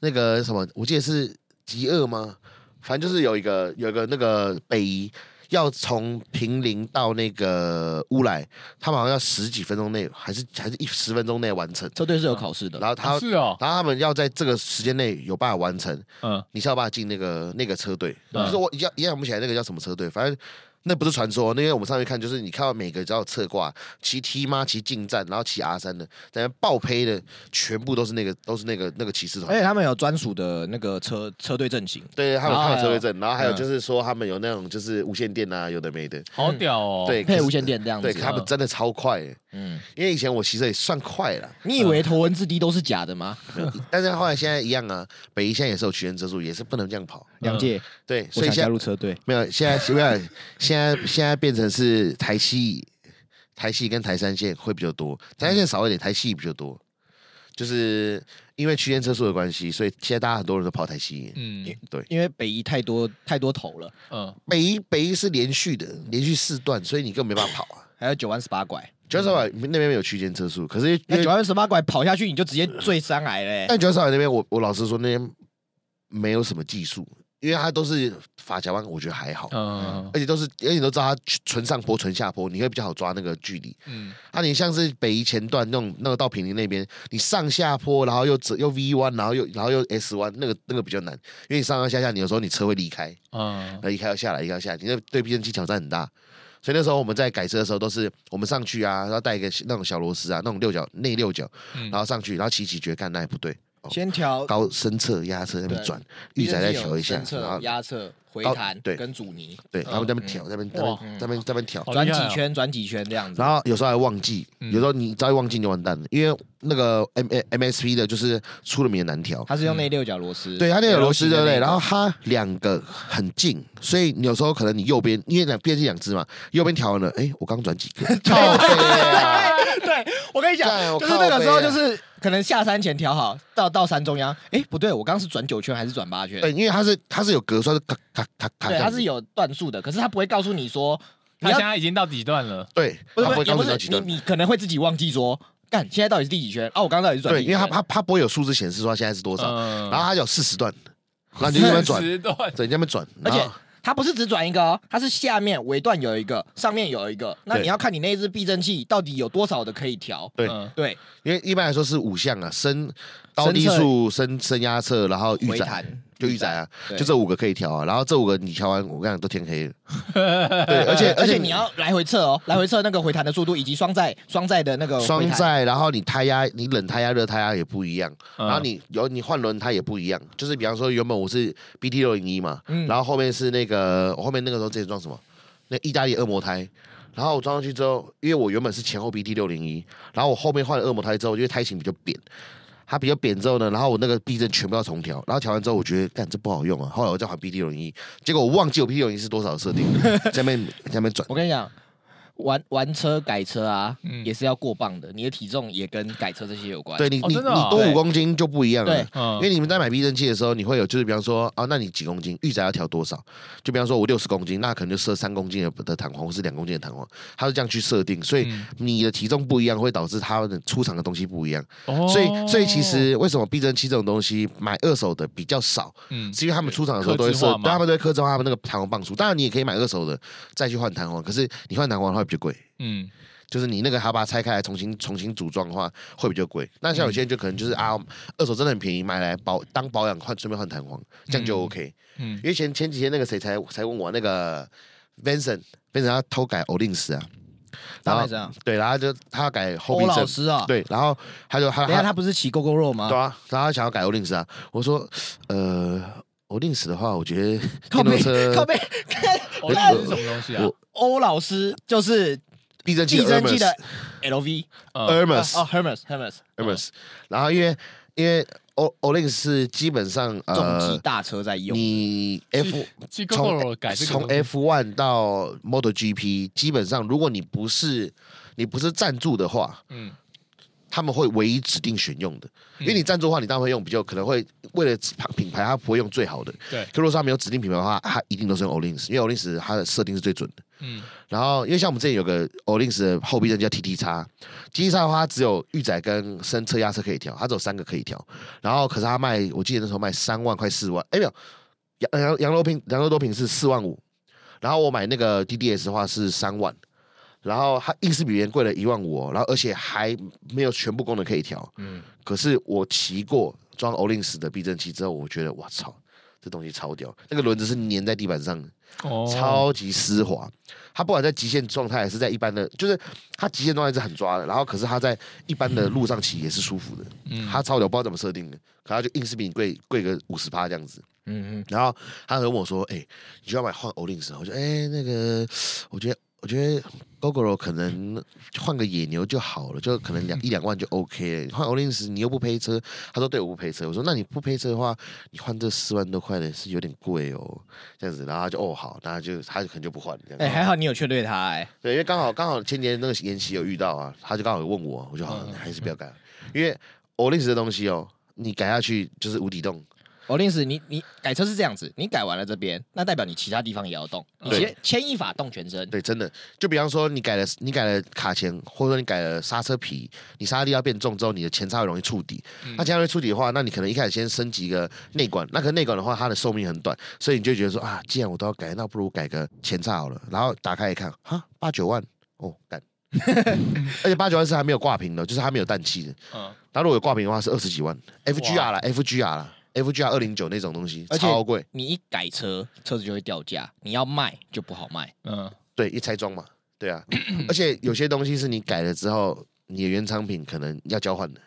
Speaker 2: 那個什麼，我記得是極惡嗎？反正就是有一個有一個那個北宜要從坪林到那個烏來，他們好像要十幾分鐘內，還是還是一十分鐘內完成。車隊是有考試的，嗯、然後他是哦、喔，然後他們要在這個時間內有辦法完成。嗯，你是要辦法進那個那個車隊？嗯、就是說我一樣也想不起來那個叫什麼車隊，反正。那不是傳說，因、那、為、個、我們上去看，就是你看到每個只要有側掛騎 T 媽，騎近戰，然後騎 R 三的，等於爆胚的，全部都是那個，都是那個那個騎士團。而且、欸、他們有專屬的那個車車隊陣型，對，他們有還有車隊陣，啊、然後還有就是說他們有那種就是無線電啊，有的沒的。好屌、嗯，對，配無線電這樣子，對他們真的超快、欸。嗯，因為以前我騎車也算快了。你以為頭文字 D 都是假的嗎？但是後來現在一樣啊，北宜現在也是有區間車速，也是不能這樣跑。了解，對，所以加入車隊沒有。現在為現在現在變成是台七、台七跟台三線會比較多，台三線少一點，台七比較多。就是因為區間車速的關係，所以現在大家很多人都跑台七。嗯，對，因為北宜太多太多頭了。嗯，北宜北宜是連續的，連續四段，所以你根本沒辦法跑啊，還有九彎十八拐。九彎十八拐那邊沒有區間測速，可是九彎十八拐跑下去，你就直接墜山崖嘞。但九彎十八拐那邊，我我老實說，那邊沒有什麼技術，因為它都是髮夾彎，我覺得還好，嗯、而且都是而且你都知道它純上坡、純下坡，嗯、你會比較好抓那個距離。
Speaker 4: 嗯，
Speaker 2: 啊，你像是北宜前段那種，那個到坪林那邊，你上下坡，然後又又 V 彎，然後又然後又 S 彎，那個那個比較難，因為你上上下下，你有時候你車會離開，啊、嗯，離開要下來，離開要下來，你那對避震器挑戰很大。所以那時候我們在改車的時候，都是我們上去啊，然後帶一個那種小螺絲啊，那種六角內六角，嗯、然後上去，然後騎騎覺得看那也不對，哦、先調，高速側壓側，對那邊轉，對預載再調一下，先然後
Speaker 3: 壓側。回彈對，跟阻
Speaker 2: 尼對，然後這邊調，這邊這邊這邊這邊調，轉幾圈
Speaker 3: 轉幾圈這
Speaker 2: 樣子。然後有時候還忘記，有時候你再忘記就完蛋了，因為那個 M M S P 的就是出了名的難調。他是用
Speaker 3: 內六角螺絲，對他內六角螺絲對不對？然後
Speaker 2: 他兩個很近，所以有時候可能你右邊，因為兩邊是兩只嘛，右邊調完了，哎，我剛剛轉幾個。
Speaker 3: 我跟你講，對就是那個時候，就是可能下山前調好，到到山中央，哎、欸，不
Speaker 2: 對，我剛剛是轉九
Speaker 3: 圈還是轉八圈？
Speaker 2: 對，因為它是它是有格，數是咔咔咔咔它是
Speaker 3: 有段數的，可是它不會告訴你說，它現在已經到幾段了？對，不是不是，不會告訴你到幾段，你你可能會自己忘記說，幹，現在到底是第幾圈？啊，我剛剛到底是轉？對，因為它
Speaker 2: 它它不會有數字顯示說現在是多少，嗯、然後它有四十段，
Speaker 3: 然後你就那就那麼轉，
Speaker 2: 段，就那麼轉，而且。
Speaker 3: 它不是只轉一個哦，它是下面尾段有一個，上面有一個。那你要看你那只避震器到底有多少的可以調。對，嗯、對，
Speaker 2: 因為一般來說是五項啊，升高低速、測升升壓側，然後回彈。回就預載啊，對就這五個可以調啊，然後這五個你調完，我跟你講都天黑了。 對，而且而且，而且你
Speaker 3: 要來回測哦， 來回測那個回彈的速度以及雙載雙載的那個。雙載，
Speaker 2: 然後你胎壓，你冷胎壓、熱胎壓也不一樣，嗯、然後你有你換輪胎也不一樣。就是比方說，原本我是 B T 六零一嘛，嗯、然後後面是那個，我後面那個時候之前裝什麼？那意大利惡魔胎。然後我裝上去之後，因為我原本是前後 B T 六零一，然後我後面換了惡魔胎之後，因為胎型比較扁。它比較扁之後呢，然後我那個避震全部要重調，然後調完之後我覺得，幹這不好用啊！後來我再換 BD 輪椅，結果我忘記我 BD 輪椅是多少設定 下，下面下面轉。我跟你講。玩玩車改車啊，嗯、也是要過
Speaker 3: 磅的。你的體重也跟改車這些有關。對你你、哦哦、你多五公
Speaker 2: 斤對就不一樣了。對，因為你們在買避震器的時候，你會有就是比方說啊，那你幾公斤，預載要調多少？就比方說我六十公斤，那可能就設三公斤的彈簧，或是兩公斤的彈簧，它是這樣去設定。所以你的體重不一樣，會導致它出廠的東西不一樣。哦。所以所以其實為什麼避震器這種東西買二手的比較少？嗯，是因為他們出廠的時候都會設，他們都客製他們那個彈簧磅數。當然你也可以買二手的再去換彈簧，可是你換彈簧的話。
Speaker 4: 就
Speaker 2: 貴，嗯，就是你那個還要把它拆開來重新重新組裝的話，會比較貴。那像有些人就可能就是、嗯、啊，二手真的很便宜，買來保當保養換順便換彈簧，這樣就 OK，嗯。嗯因為前前幾天那個誰才才問我那個 Vincent Vincent 他偷改 Öhlins 啊，然後樣對，然後就他要改後避震器啊，對，然後他就他他他不是騎勾勾肉嗎？對啊，然後他想要改 Öhlins 啊，我說呃。Öhlins 的話，我覺得靠背車靠背？
Speaker 4: 靠
Speaker 3: 背。我那是什麼東西啊？歐老師就是
Speaker 2: 避震器，避震器的 LV Hermes
Speaker 3: Hermes Hermes
Speaker 2: Hermes。然後因為因為 O Öhlins 是基本上呃重機大車在用。你 F 從從 F1 到 MotoGP，基本上如果你不是你不是贊助的話，
Speaker 4: 嗯。
Speaker 2: 他們會唯一指定選用的，因為你贊助的話，你當然會用比較，可能會為了品牌，他不會用最好的。對。可是如果說他沒有指定品牌的話，他一定都是用 Öhlins，因為 Öhlins 它的設定是最準的。嗯。然後，因為像我們之前有個 Öhlins 的後避震叫 TTX，TTX 的話它只有預載跟伸側壓側可以調，它只有三個可以調。然後，可是它賣，我記得那時候賣三萬塊四萬、欸，哎沒有，楊羊楊羅平羊肉多平是四萬五，然後我買那個 DDS 的話是三萬。然後它硬是比別人貴了一萬五，然後而且還沒有全部功能可以調。嗯，可是我騎過裝歐林斯的避震器之後，我覺得哇操，這東西超屌！那個輪子是粘在地板上的，哦，
Speaker 4: 超級絲滑。
Speaker 2: 哦、它不管在極限狀態還是在一般的，就是它極限狀態是很抓的，然後可是它在一般的路上騎也是舒服的。嗯，它超屌，不知道怎麼設定的，可它就硬是比你貴貴個五十趴這樣子。嗯嗯哼。然後他和我說：“哎、欸，你就要買換歐林斯。”我就，哎、欸，那個，我覺得。”我覺得 Gogoro 可能換個野牛就好了，就可能兩一兩萬就 OK。換 Ollins 你又不配車。他說對，我不配車。我說那你不配車的話，你換這四萬多塊的是有點貴哦，這樣子。然後他就哦，好，那就他就可能就不換。這樣。哎，還好你有勸退他。哎、欸，對，因為剛好剛好前年那個延禧有遇到啊，他就剛好問我，我就，好，你還是不要改，因為 Ollins 的東西哦，你改下去就是無底洞。我認識你，你改車是這樣子，你改完了這邊，那代表你其他地方也要動。對、嗯。牽一髮動全身對。對，真的。就比方說你改了，你改了你改了卡鉗，或者說你改了剎車皮，你剎車力要變重之後，你的前叉會容易觸底。嗯、那前叉會觸底的話，那你可能一開始先升級個內管。嗯、那個內管的話，它的壽命很短，所以你就覺得說啊，既然我都要改，那不如改個前叉好了。然後打開一看，哈，八九萬哦，幹。 而且八九萬是還沒有掛平的，就是還沒有氮氣的。嗯。它如果有掛平的話，是二十幾萬。FGR 啦，FGR 啦。哇 FGR 二零九那種東西，而且超貴貴。
Speaker 3: 你一改車，車子就會掉價，你要賣就不
Speaker 2: 好賣。嗯，對，一拆裝嘛，對啊。 而且有些東西是你改了之後，你的原廠品可能要交換的。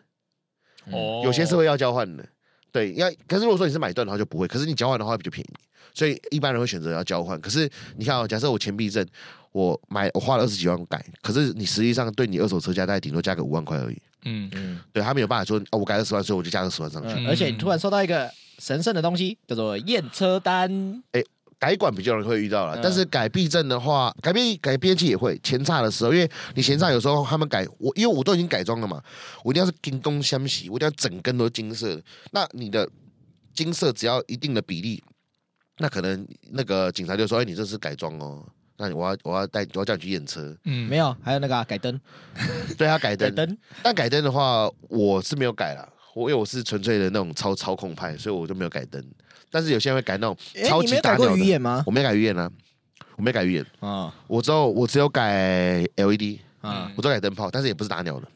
Speaker 2: 哦、嗯，
Speaker 4: 有些
Speaker 2: 是會要交換的，對，要，可是如果說你是買斷的話就不會，可是你交換的話比較便宜，所以一般人會選擇要交換。可是你看啊，假設我前避震，我買我花了二十幾萬改，可是你實際上對你二手車價，大概頂多加個五萬塊而已。嗯嗯，對，他沒有辦法說哦，我改二十萬，所以我就加二十萬上去。嗯。而且你突然收到一個神聖的東西，叫做驗車單。哎，改管比較容易會遇到了，嗯、但是改避震的話，改變改避震器也會。前叉的時候，因為你前叉有時候他們改我，因為我都已經改裝了嘛，我一定要是金工相喜，我一定要整根都是金色的。那你的金色只要一定的比例，那可能那個警察就說：哎，你這是改裝哦。那你我要我要帶我要叫你去驗車，嗯，沒有，還有那個、啊、改燈， 對，他改燈，改燈但改燈的話，我是沒有改了，因為我是純粹的那種超操控派，所以我就沒有改燈。但是有些人會改那種超級打鳥、欸、魚眼嗎？我沒改魚眼啊，我沒改魚眼啊，哦、我只有我只有改 LED 啊、嗯，我只有改燈泡，但是也不是打鳥的。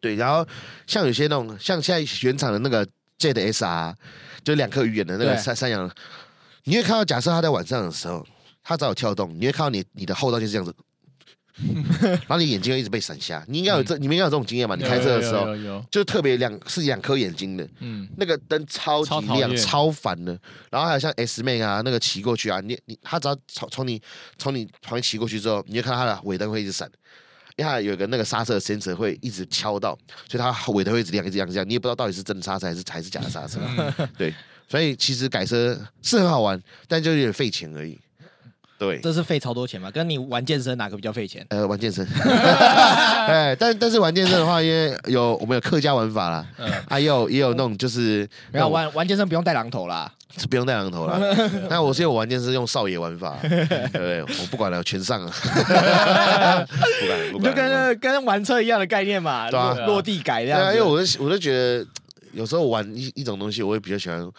Speaker 2: 對，然後像有些那種像現在原廠的那個 Jet SR 就兩顆魚眼的那個三對三陽，你會看到，假設他在晚上的時候。它只要有跳動，你會看到你你的後道就是這樣子，然後你眼睛會一直被閃瞎。你應該有這，嗯、你應該有這種經驗吧？你開車的時候，就特別亮，是兩顆眼睛的，嗯，那個燈超級亮，超煩的。然後還有像 SMAX 啊，那個騎過去啊，你你它只要從從你從你旁邊騎過去之後，你就看到它的尾燈會一直閃，一下有個那個剎車的 sensor 會一直敲到，所以它尾燈會一直亮一直亮這樣，你也不知道到底是真的剎車還是還是假的剎車、啊。嗯、對，所以其實改車是很好玩，但就有點費錢而已。對，這是費超多錢嘛？跟你玩健身哪個比較費錢？呃，玩健身，哎，但但是玩健身的話，因為有我們有客家玩法啦，啊，也有也有那種就是，然後玩玩
Speaker 3: 健身不用帶榔頭啦，
Speaker 2: 不用帶榔頭啦。那我是有玩健身用少爺玩法，對我不管了，全上
Speaker 3: 了，不敢不敢。就跟跟玩車一樣的概念嘛，落地改這樣。對啊，因為我
Speaker 2: 就我就覺得有時候玩一一種東西，我也比較喜歡。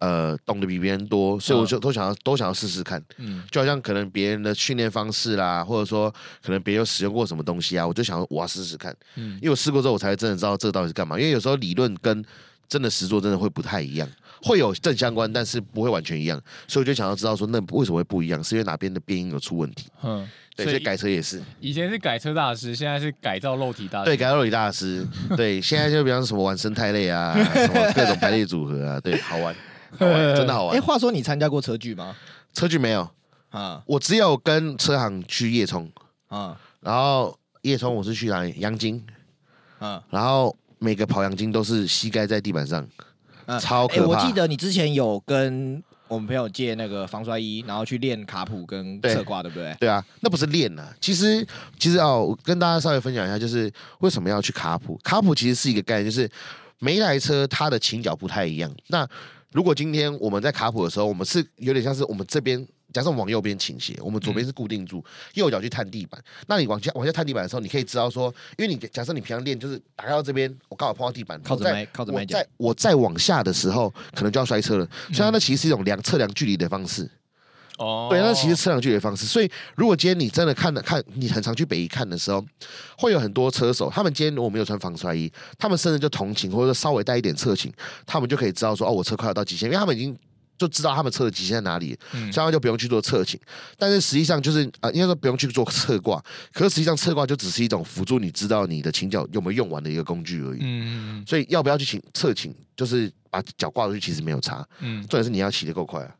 Speaker 2: 呃，懂得比別人多，所以我就都想要、嗯、都想要試試看，嗯，就好像可能別人的訓練方式啦，或者說可能別人有使用過什麼東西啊，我就想說我要試試看，嗯，因為我試過之後，我才會真的知道這個到底是幹嘛。因為有時候理論跟真的實作真的會不太一樣，會有正相關，但是不會完全一樣，所以我就想要知道說那為什麼會不一樣，是因為哪邊的變音有出問題？嗯，對，所以改車也是，
Speaker 1: 以前是改車大師，現在是改造肉體大師，對，改
Speaker 2: 造肉體大師，對， 對現在就比方說什麼玩生態類啊， 什麼各種排列組合啊，對，好玩。 真的好玩。哎、欸，
Speaker 3: 話說你參加過車聚嗎？
Speaker 2: 車聚，沒有啊，嗯、我只有跟車行去夜衝啊。嗯、然後夜衝我是去哪裡？陽金。嗯、然後每個跑陽金都是膝蓋在地板上，嗯、超可怕、欸。我記
Speaker 3: 得你之前有跟我們朋友借那個防摔衣，然後去練卡普跟側掛，
Speaker 2: 對，對不對？對啊，那不是練呢、啊。其實，其實哦，我跟大家稍微分享一下，就是為什麼要去卡普？卡普其實是一個概念，就是每一台車它的傾角不太一樣。那如果今天我們在卡普的時候，我們是有點像是我們這邊假設往右邊傾斜，我們左邊是固定住，嗯、右腳去探地板。那你往下往下探地板的時候，你可以知道說，因為你假設你平常練就是打開到這邊，我剛好碰到地板，靠着邁靠着邁腳，我再往下的時候可能就要摔車了。嗯、所以它那其實是一種量測量距離的方式。哦，對，那其實測量距離的方式，所以如果今天你真的看了，看，你很常去北宜看的時候，會有很多車手，他們今天如果沒有穿防摔衣，他們甚至就同情或者說稍微帶一點側傾，他們就可以知道說哦，我車快要到極限，因為他們已經就知道他們車的極限在哪裡，嗯，這樣就不用去做側傾，但是實際上就是啊、呃，應該說不用去做側掛，可是實際上側掛就只是一種輔助，你知道你的傾角有沒有用完的一個工具而已，嗯，所以要不要去傾側傾，就是把腳掛出去，其實沒有差，嗯，重點是你要騎得夠快啊。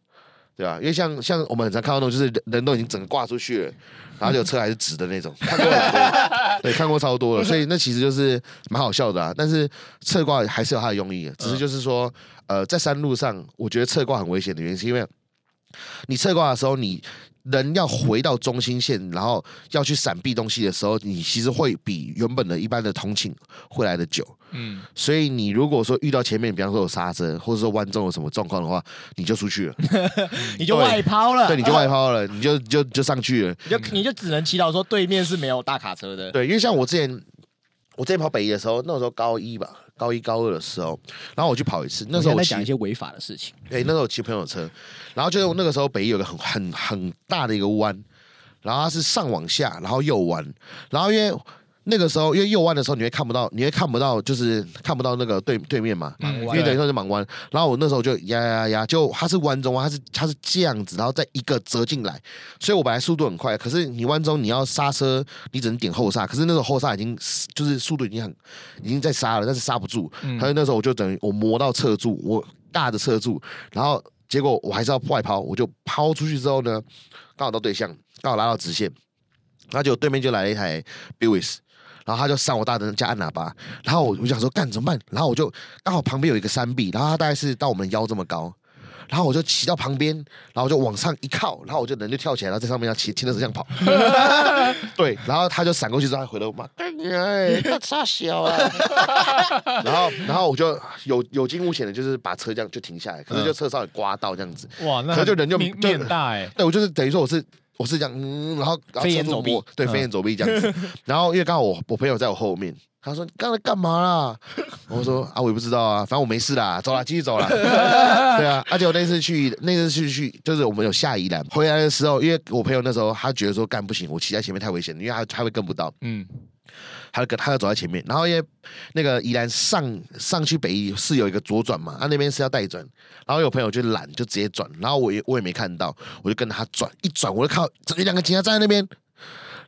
Speaker 2: 對啊，因為像像我們很常看到那種，就是人，人都已經整個掛出去了，然後就有車還是直的那種，嗯、看過很多，對， 對，看過超多了，所以那其實就是蠻好笑的啊。但是側掛還是有它的用意的，只是就是說，嗯、呃，在山路上，我覺得側掛很危險的原因，是因為你側掛的時候你，人要回到中心線，嗯、然後要去閃避東西的時候，你其實會比原本的一般的通勤會來得久。嗯，所以你如果說遇到前面比方說有剎車，或者說彎中有什麼狀況的話，你就出去了，嗯、對你就外拋了，對，你就外拋了，啊、你就就就上去了，你
Speaker 3: 就你就只能祈禱說對面是沒有大卡車的。嗯、
Speaker 2: 對，因為像我之前，我之前跑北宜的時候，那個、時候高一吧。高一高二的時候，然後我去跑一次，那時候我我在想一些違法的事情。對、欸，那時候我騎朋友車，嗯、然後就是那個時候北宜有個很很很大的一個彎，然後它是上往下，然後右彎，然後因為。那個時候，因為右彎的時候你會看不到，你會看不到，就是看不到那個對對面嘛。嗯、因為等於說是盲彎。對然後我那時候就呀呀呀，就它是彎中彎，啊，它是它是這樣子，然後再一個折進來。所以我本來速度很快，可是你彎中你要剎車，你只能點後剎。可是那時候後剎已經就是速度已經很已經在剎了，但是剎不住。所以、嗯、那時候我就等於我磨到側柱，我大的側柱，然後結果我還是要外拋，我就拋出去之後呢，剛好到對向，剛好拉到直線，那就對面就來了一台 BWS 然後他就閃我大燈加按喇叭，然後我我想說幹怎麼辦？然後我就剛好旁邊有一個山壁，然後他大概是到我們腰這麼高，然後我就騎到旁邊，然後我就往上一靠，然後我就人就跳起來，然後在上面要騎騎得這樣跑。 對，然後他就閃過去之後，他回頭嘛，幹你哎，太小了。然後然後我就有有驚無險的，就是把車這樣就停下來，可是就車稍微刮到這樣子。嗯、哇，那車、個、就人就命大哎、欸。對，我就是等於說我是。我是這樣，嗯，然後飛檐走壁，對，飛檐、嗯、走壁，這樣子。然後因為剛好我我朋友在我後面，他說，剛才幹嘛啦？
Speaker 1: 我說
Speaker 2: 啊，我也不知道啊，反正我沒事啦，走啦，繼續走啦。 對啊，而且我那次去，那次去去，就是我們有下宜蘭回來的時候，因為我朋友那時候他覺得說幹，不行，我騎在前面太危險，因為他他會跟不到。嗯。他跟他就走在前面，然後因為那個宜蘭上上去北宜是有一個左轉嘛，他、啊、那邊是要帶轉，然後有朋友就懶就直接轉，然後我也我也沒看到，我就跟着他轉，一轉我就靠，有兩個警察站在那邊，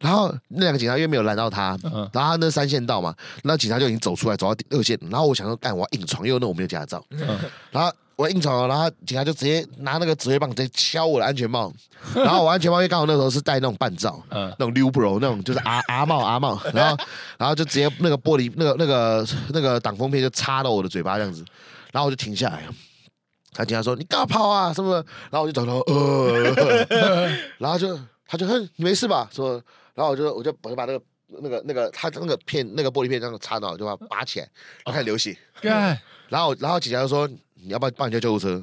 Speaker 2: 然後那兩個警察又沒有攔到他，然後他那三線道嘛，那警察就已經走出來走到第二線，然後我想說，哎，我要硬闖，因為那我沒有駕照，然後。我硬闖了，然後警察就直接拿那個指揮棒直接敲我的安全帽， 然後我安全帽因為剛好那時候是戴那種半罩，嗯、呃，那種 LUBRO 那種就是阿阿帽阿帽，然後 然後就直接那個玻璃那個那個、那個、那個擋風片就插到我的嘴巴這樣子，然後我就停下來，他警察說，你幹嘛跑啊是不是？然後我就講說呃， 然後就他就哼，你沒事吧？說，然後我就我就我就把那個那個那個他那個片那個玻璃片這樣插到，就把拔起來，然後開始流血，God. 然後然後警察就說。你要不要幫你叫救護車？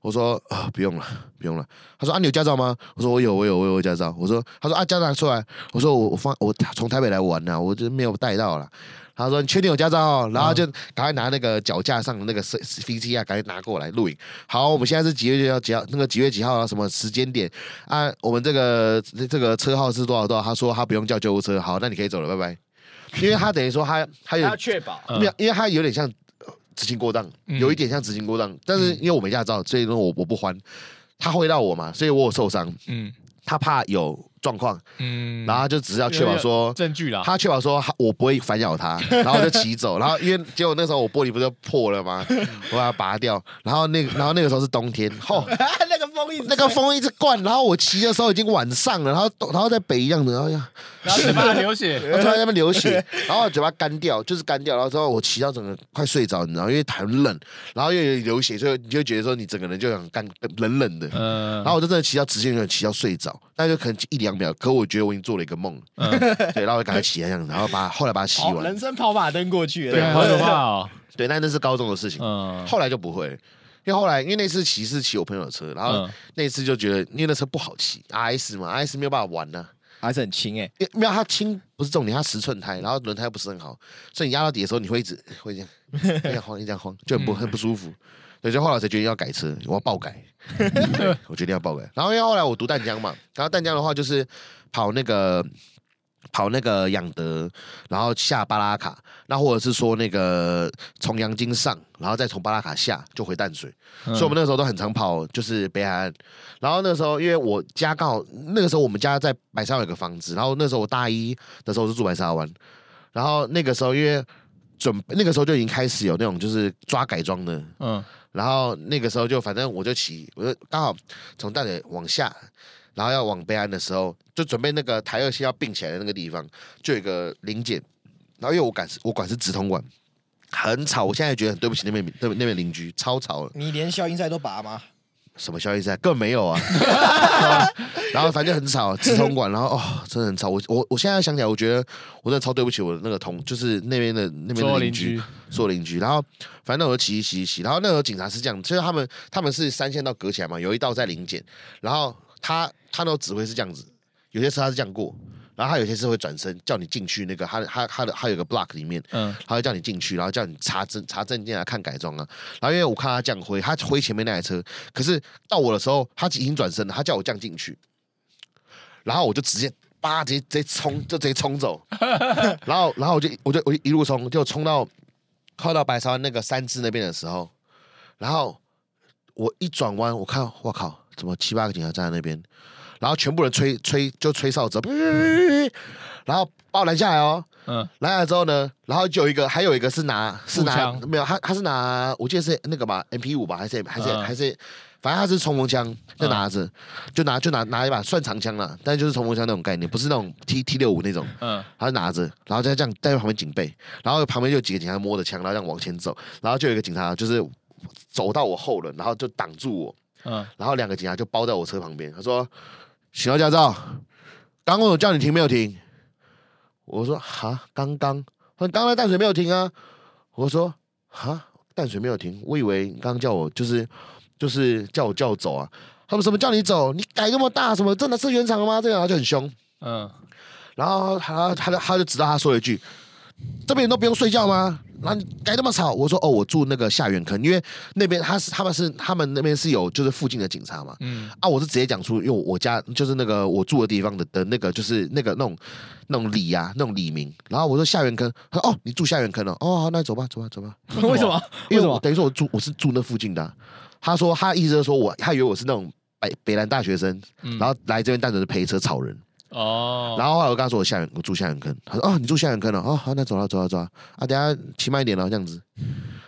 Speaker 2: 我說啊，哦，不用了，不用了。他說啊，你有駕照嗎？我說我有，我有，我有駕照。我說，他說啊，駕照出來。我說我我放我從台北來玩呢，我就沒有帶到了。他說你確定有駕照喔？然後就趕快拿那個腳架上的那個飛 C 機啊，趕緊拿過來錄影。好，我們現在是幾月幾號？那個幾月幾號啊？什麼時間點啊？我們這個這個車號是多少多少？他說他不用叫救護車。好，那你可以走了，拜拜。因為他等於說他他有他確保，沒有嗯，因為他有點像。執行過當，有一點像執行過當，嗯、但是因為我沒駕照，所以說我我不還、嗯、他回到我嘛，所以我有受傷。嗯，他怕有狀況，嗯，然後就只是要確保說有有證據了。他確保說我不會反咬他，然後就騎走。 然後因為結果那時候我玻璃不是就破了嗎？ 我把它拔掉。然後那個、然後那個時候是冬天，吼，
Speaker 1: 那個風一直那個風一直
Speaker 2: 灌。然後我騎的時候已經晚上了，然後然後在北一樣的，然後。 我然後嘴巴流血，突然那邊流血，然後我嘴巴乾掉，就是乾掉。然後之後我騎到整個快睡着，你知道，因為太冷，然後又有流血，所以你就覺得說你整個人就想乾冷冷的。嗯。然後我就真的騎到直線，就騎到睡着，那就可能一兩秒。可我覺得我已經做了一個夢。嗯、對，然後我趕快起來，這樣，然後把後來把它騎完、哦。人生跑馬燈過去了。對，很可怕對，那那是高中的事情。嗯。後來就不會，因為後來因為那次騎是騎我朋友的車，然後、嗯、那次就覺得因為那車不好騎，RS 嘛，RS 沒有辦法玩呢、啊。還是很輕哎、欸欸，沒有它輕不是重點，它十寸胎，然後輪胎又不是很好，所以你壓到底的時候，你會一直、欸、會這樣，
Speaker 4: 這樣
Speaker 2: 晃，這樣晃，就很不、嗯、很不舒服。所以就後來才決定要改車，我要爆改， 我決定要爆改。然後因為後來我讀淡江嘛，然後淡江的話就是跑那個跑那個仰德，然後下巴拉卡。那或者是說那個從陽金上，然後再從巴拉卡下就回淡水，所以我們那個時候都很常跑，就是北海岸。然後那個時候，因為我家剛好那個時候我們家在白沙灣有一個房子，然後那時候我大一的時候我是住白沙灣。然後那個時候因為准那個時候就已經開始有那種就是抓改裝的，嗯，然後那個時候就反正我就騎，我就剛好從淡水往下，然後要往北岸的時候，就準備那個台二線要併起來的那個地方，就有一個臨檢。然後因為我管是，我管是直通管，很吵。我現在覺得很對不起那邊，那那邊鄰居，超吵了。你連消音塞都拔嗎？什麼消音塞？更沒有啊。 然後反正很吵，直通管。然後哦，真的很吵。我我我現在想起來，我覺得我真的超對不起我那個同，就是那邊的那邊的鄰居，做鄰居。鄰居嗯、然後反正我就騎一騎一騎。然後那時候警察是這樣，就是他們他們是三線道隔起來嘛，有一道在臨檢。然後他他那種指揮是這樣子，有些車他是這樣過。然後他有些時候會轉身叫你進去那個，他他他的還有一個 block 裡面，嗯，他會叫你進去，然後叫你查證查證件來看改裝啊。然後因為我看他降揮，他揮前面那台車，可是到我的時候，他已經轉身了，他叫我降進去，然後我就直接，叭，直接直接衝，就直接衝走。 然後然後我就我就我就一路衝，就衝到靠到白沙灣那個三芝那邊的時候，然後我一轉彎，我看我靠，怎麼七八個警察站在那邊？然後全部人吹吹就吹哨子，呸呸呸呸，然後把我攔下來哦。嗯，攔下來之後呢，然後就有一個，還有一個是拿是拿槍沒有，他他是拿，我記得是那個吧，M P 五吧，還是、嗯、還是還是，反正他是衝鋒槍就拿着，嗯、就拿就拿拿一把算長槍了，但是就是衝鋒槍那種概念，不是那種 T T 六五那種。嗯，他拿着，然後在這樣在旁邊警備，然後旁邊就幾個警察摸着槍，然後這樣往前走，然後就有一個警察就是走到我後輪，然後就擋住我。嗯，然後兩個警察就包在我車旁邊，他說。請到駕照，剛剛我叫你停沒有停？我說哈，剛剛，我剛剛淡水沒有停啊。我說哈，淡水沒有停，我以為你剛剛叫我就是就是叫我叫我走啊。他們什麼叫你走？你改那麼大什麼？真的是原廠的嗎？這樣、個、他就很凶。嗯，然後他他他就知道，他，他說了一句：這邊人都不用睡覺嗎？那你該那麼吵？我說哦，我住那個下元坑，因為那邊他是他們是他們那邊是有就是附近的警察嘛。嗯啊，我是直接講出，因為我家就是那個我住的地方的的那個就是那個那種那種里啊那種里民。然後我說下元坑，他說哦，你住下元坑了哦，哦，好，那走吧走吧走吧。走吧走吧為什麼？因為我等於說我住我是住那附近的、啊。他說他意思是說我他以為我是那種北北南大學生，嗯、然後來這邊單純是陪車吵人。哦，oh. 然後，後來我跟他說我下元，我住下人坑，他說哦，你住下人坑了哦，好，哦，那走了走了走了，啊，等一下騎慢一點嘍，哦，這樣子，嗯、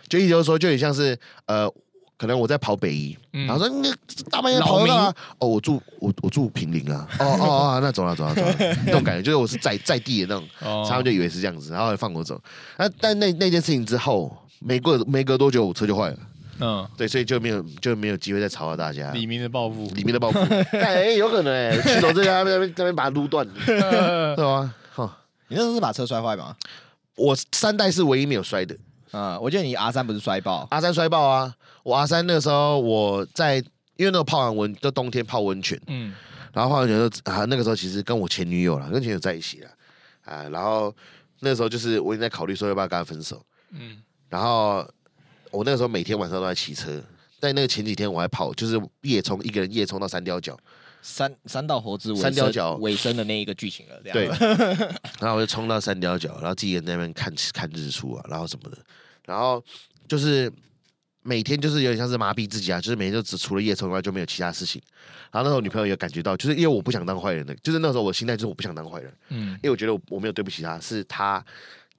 Speaker 2: 就也就是說，就很像是呃，可能我在跑北宜，嗯，然後說，嗯、大半夜跑的啊，名哦，我住我我住坪林啊， 哦哦哦，那走了走了走了，那種 感覺就是我是在在地的那種，他們，oh. 就以為是這樣子，然後還放我走，那，啊，但那那件事情之後，沒過沒隔多久，我車就壞了。嗯，對，所以就沒有就沒有機會再吵到大家。李明的報復，李明的報復，哎、 欸，有可能哎、欸， 去走這家那邊那邊把他擼斷了，對啊。 哼，你那時候是把車摔壞嗎？我三代是唯一沒有摔的啊！我記得你阿三不是摔爆，阿三摔爆啊！我阿三那個時候我在，因為那個泡完溫，就冬天泡溫泉，嗯，然後泡溫泉就啊，那個時候其實跟我前女友了，跟前女友在一起了啊，然後那個時候就是我已經在考慮說要不要跟她分手，嗯，然後。我那個時候每天晚上都在騎車，但那個前幾天我還跑，就是夜衝一個人夜衝到三貂角
Speaker 3: 三三道猴子尾，三貂角尾
Speaker 2: 聲的那一個劇情了。這樣子對， 然後我就衝到三貂角然後自己在那邊看看日出啊，然後什麼的，然後就是每天就是有點像是麻痹自己啊，就是每天就只除了夜衝外就沒有其他事情。然後那時候女朋友也感覺到，就是因為我不想當壞人的，就是那時候我心態就是我不想當壞人，嗯，因為我覺得我我沒有對不起她，是她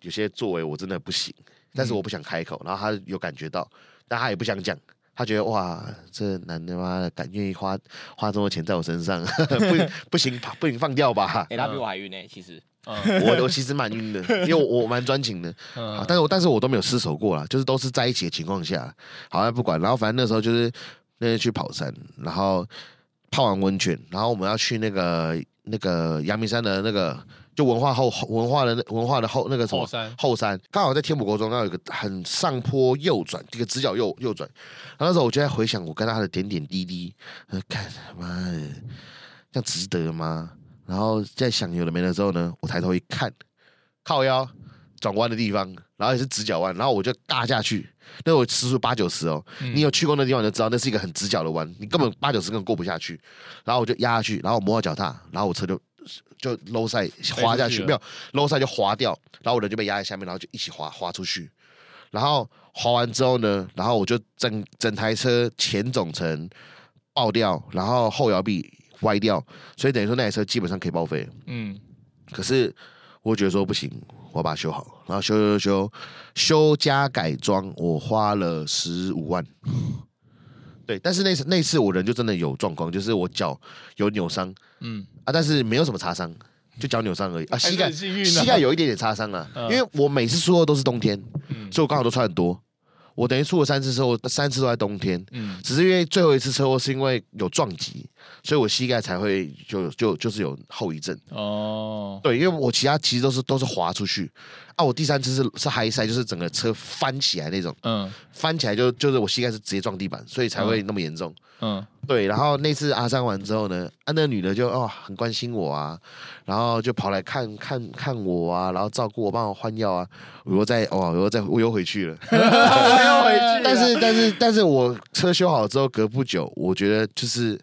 Speaker 2: 有些作為我真的不行。但是我不想開口，然後他有感覺到，嗯、但他也不想講，他覺得哇，這男的媽的敢願意花花這麼多錢在我身上， 不不行，不行，不行放掉吧。欸、他比我還
Speaker 3: 暈呢、欸，其實、嗯、我我
Speaker 2: 其實蠻暈的， 因為我蠻專情的、嗯啊，但是我但是我都沒有失手過啦，就是都是在一起的情況下，好像、啊、不管，然後反正那時候就是那天去跑山，然後泡完溫泉，然後我們要去那個那個陽明山的那個。文化後文化的文化的後那個什麼後山，後山剛好在天母國中那有一個很上坡，右轉，一個直角右右轉。然後那時候我就在回想我跟他的點點滴滴，看、呃、媽，這樣值得嗎？然後在想有沒了沒的時候呢，我抬頭一看，靠腰，轉彎的地方，然後也是直角彎，然後我就壓下去。那我、個、時速八九十哦，你有去過那地方你就知道，那是一個很直角的彎，你根本八九十根本過不下去。然後我就壓下去，然後我摸到腳踏，然後我車就。就 low side 滑下去，沒有 low side 就滑掉，然後我的人就被壓在下面，然後就一起滑、滑出去。然後滑完之後呢，然後我就整整台車前總成爆掉，然後後搖臂歪掉，所以等於說那台車基本上可以報廢。嗯，可是我覺得說不行，我要把它修好。然後修修修修修加改裝，我花了十五萬。對，但是那次那次我人就真的有狀況，就是我腳有扭傷，嗯啊，但是沒有什麼擦傷，就腳扭傷而已啊。啊膝蓋膝蓋有一點點擦傷啊，嗯，因為我每次出禍都是冬天，嗯，所以我剛好都穿很多。我等於出了三次車禍，我三次都在冬天，嗯，只是因為最後一次車禍是因為有撞擊，所以我膝蓋才會就就就是有後遺症哦。對，因為我其他其實都是都是滑出去。啊，我第三次是是嗨塞，就是整個車翻起來那種，嗯，翻起來就就是我膝蓋是直接撞地板，所以才會那麼嚴重，嗯，嗯，對。然後那次阿三完之後呢，啊，那個女的就哦很關心我啊，然後就跑來看看看我啊，然後照顧我，幫我換藥啊。我又再哦，我又再我又回去了，但是但是但是我車修好之後，隔不久，我覺得就是。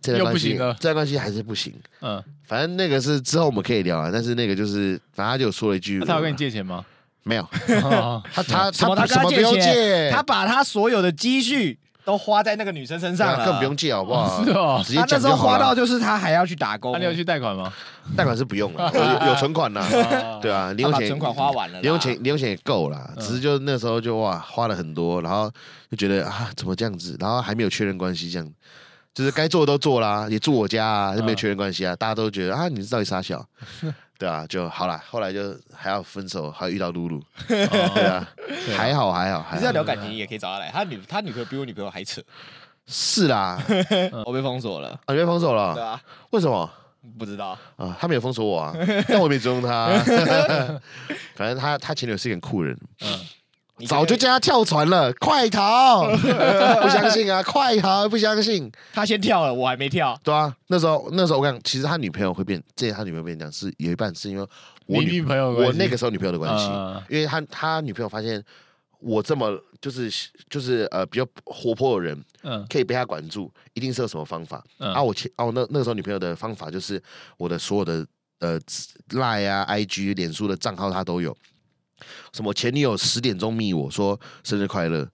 Speaker 2: 這關係，這關係還是不行。嗯，反正那個是之後我們可以聊啊。但是那個就是，反正他就說了一句：“他有跟你借錢嗎？”沒有，他他他他什麼不用借？他
Speaker 3: 把他所有的積蓄都花在那個女生身上了，更不用借，好不好？是哦，他那時候花到就是他還要去打工，他沒有去
Speaker 2: 貸款嗎？貸款是不用了，有存款了。對啊，零用錢存款花完了，零用錢零用錢也夠了，只是就那時候就哇花了很多，然後就覺得啊怎麼這樣子，然後還沒有確認關係這樣。就是該做的都做啦，也住我家啊，就沒有確認關係啊，大家都覺得啊，你是到底啥小，對啊，就好了。後來就還要分手，還要遇到露露，對啊，還好還好，還是要聊感情
Speaker 3: 也可以找他來。他女他女朋友比我女朋友還扯，
Speaker 2: 是啦，我被封鎖了，你被封鎖了，對啊，為什麼？不知道啊，他沒有封鎖我啊，但我沒追蹤他。反正他他前女友是個酷人。早就叫他跳船了，快逃！ 不相信啊， 快逃！不相信，他先跳了，我還沒跳。對啊，那時候那時候我跟你講，其實他女朋友會變，這他女朋友變成這樣是有一半是因為我女、女朋友，我那個時候女朋友的關係，呃、因為他他女朋友發現我這麼就是就是呃比較活潑的人，嗯、呃，可以被他管住，一定是有什麼方法、呃、啊我。我前哦那那個時候女朋友的方法就是我的所有的呃 Line 啊、IG、臉書的賬號他都有。什麼前女友十點鐘密我說生日快樂，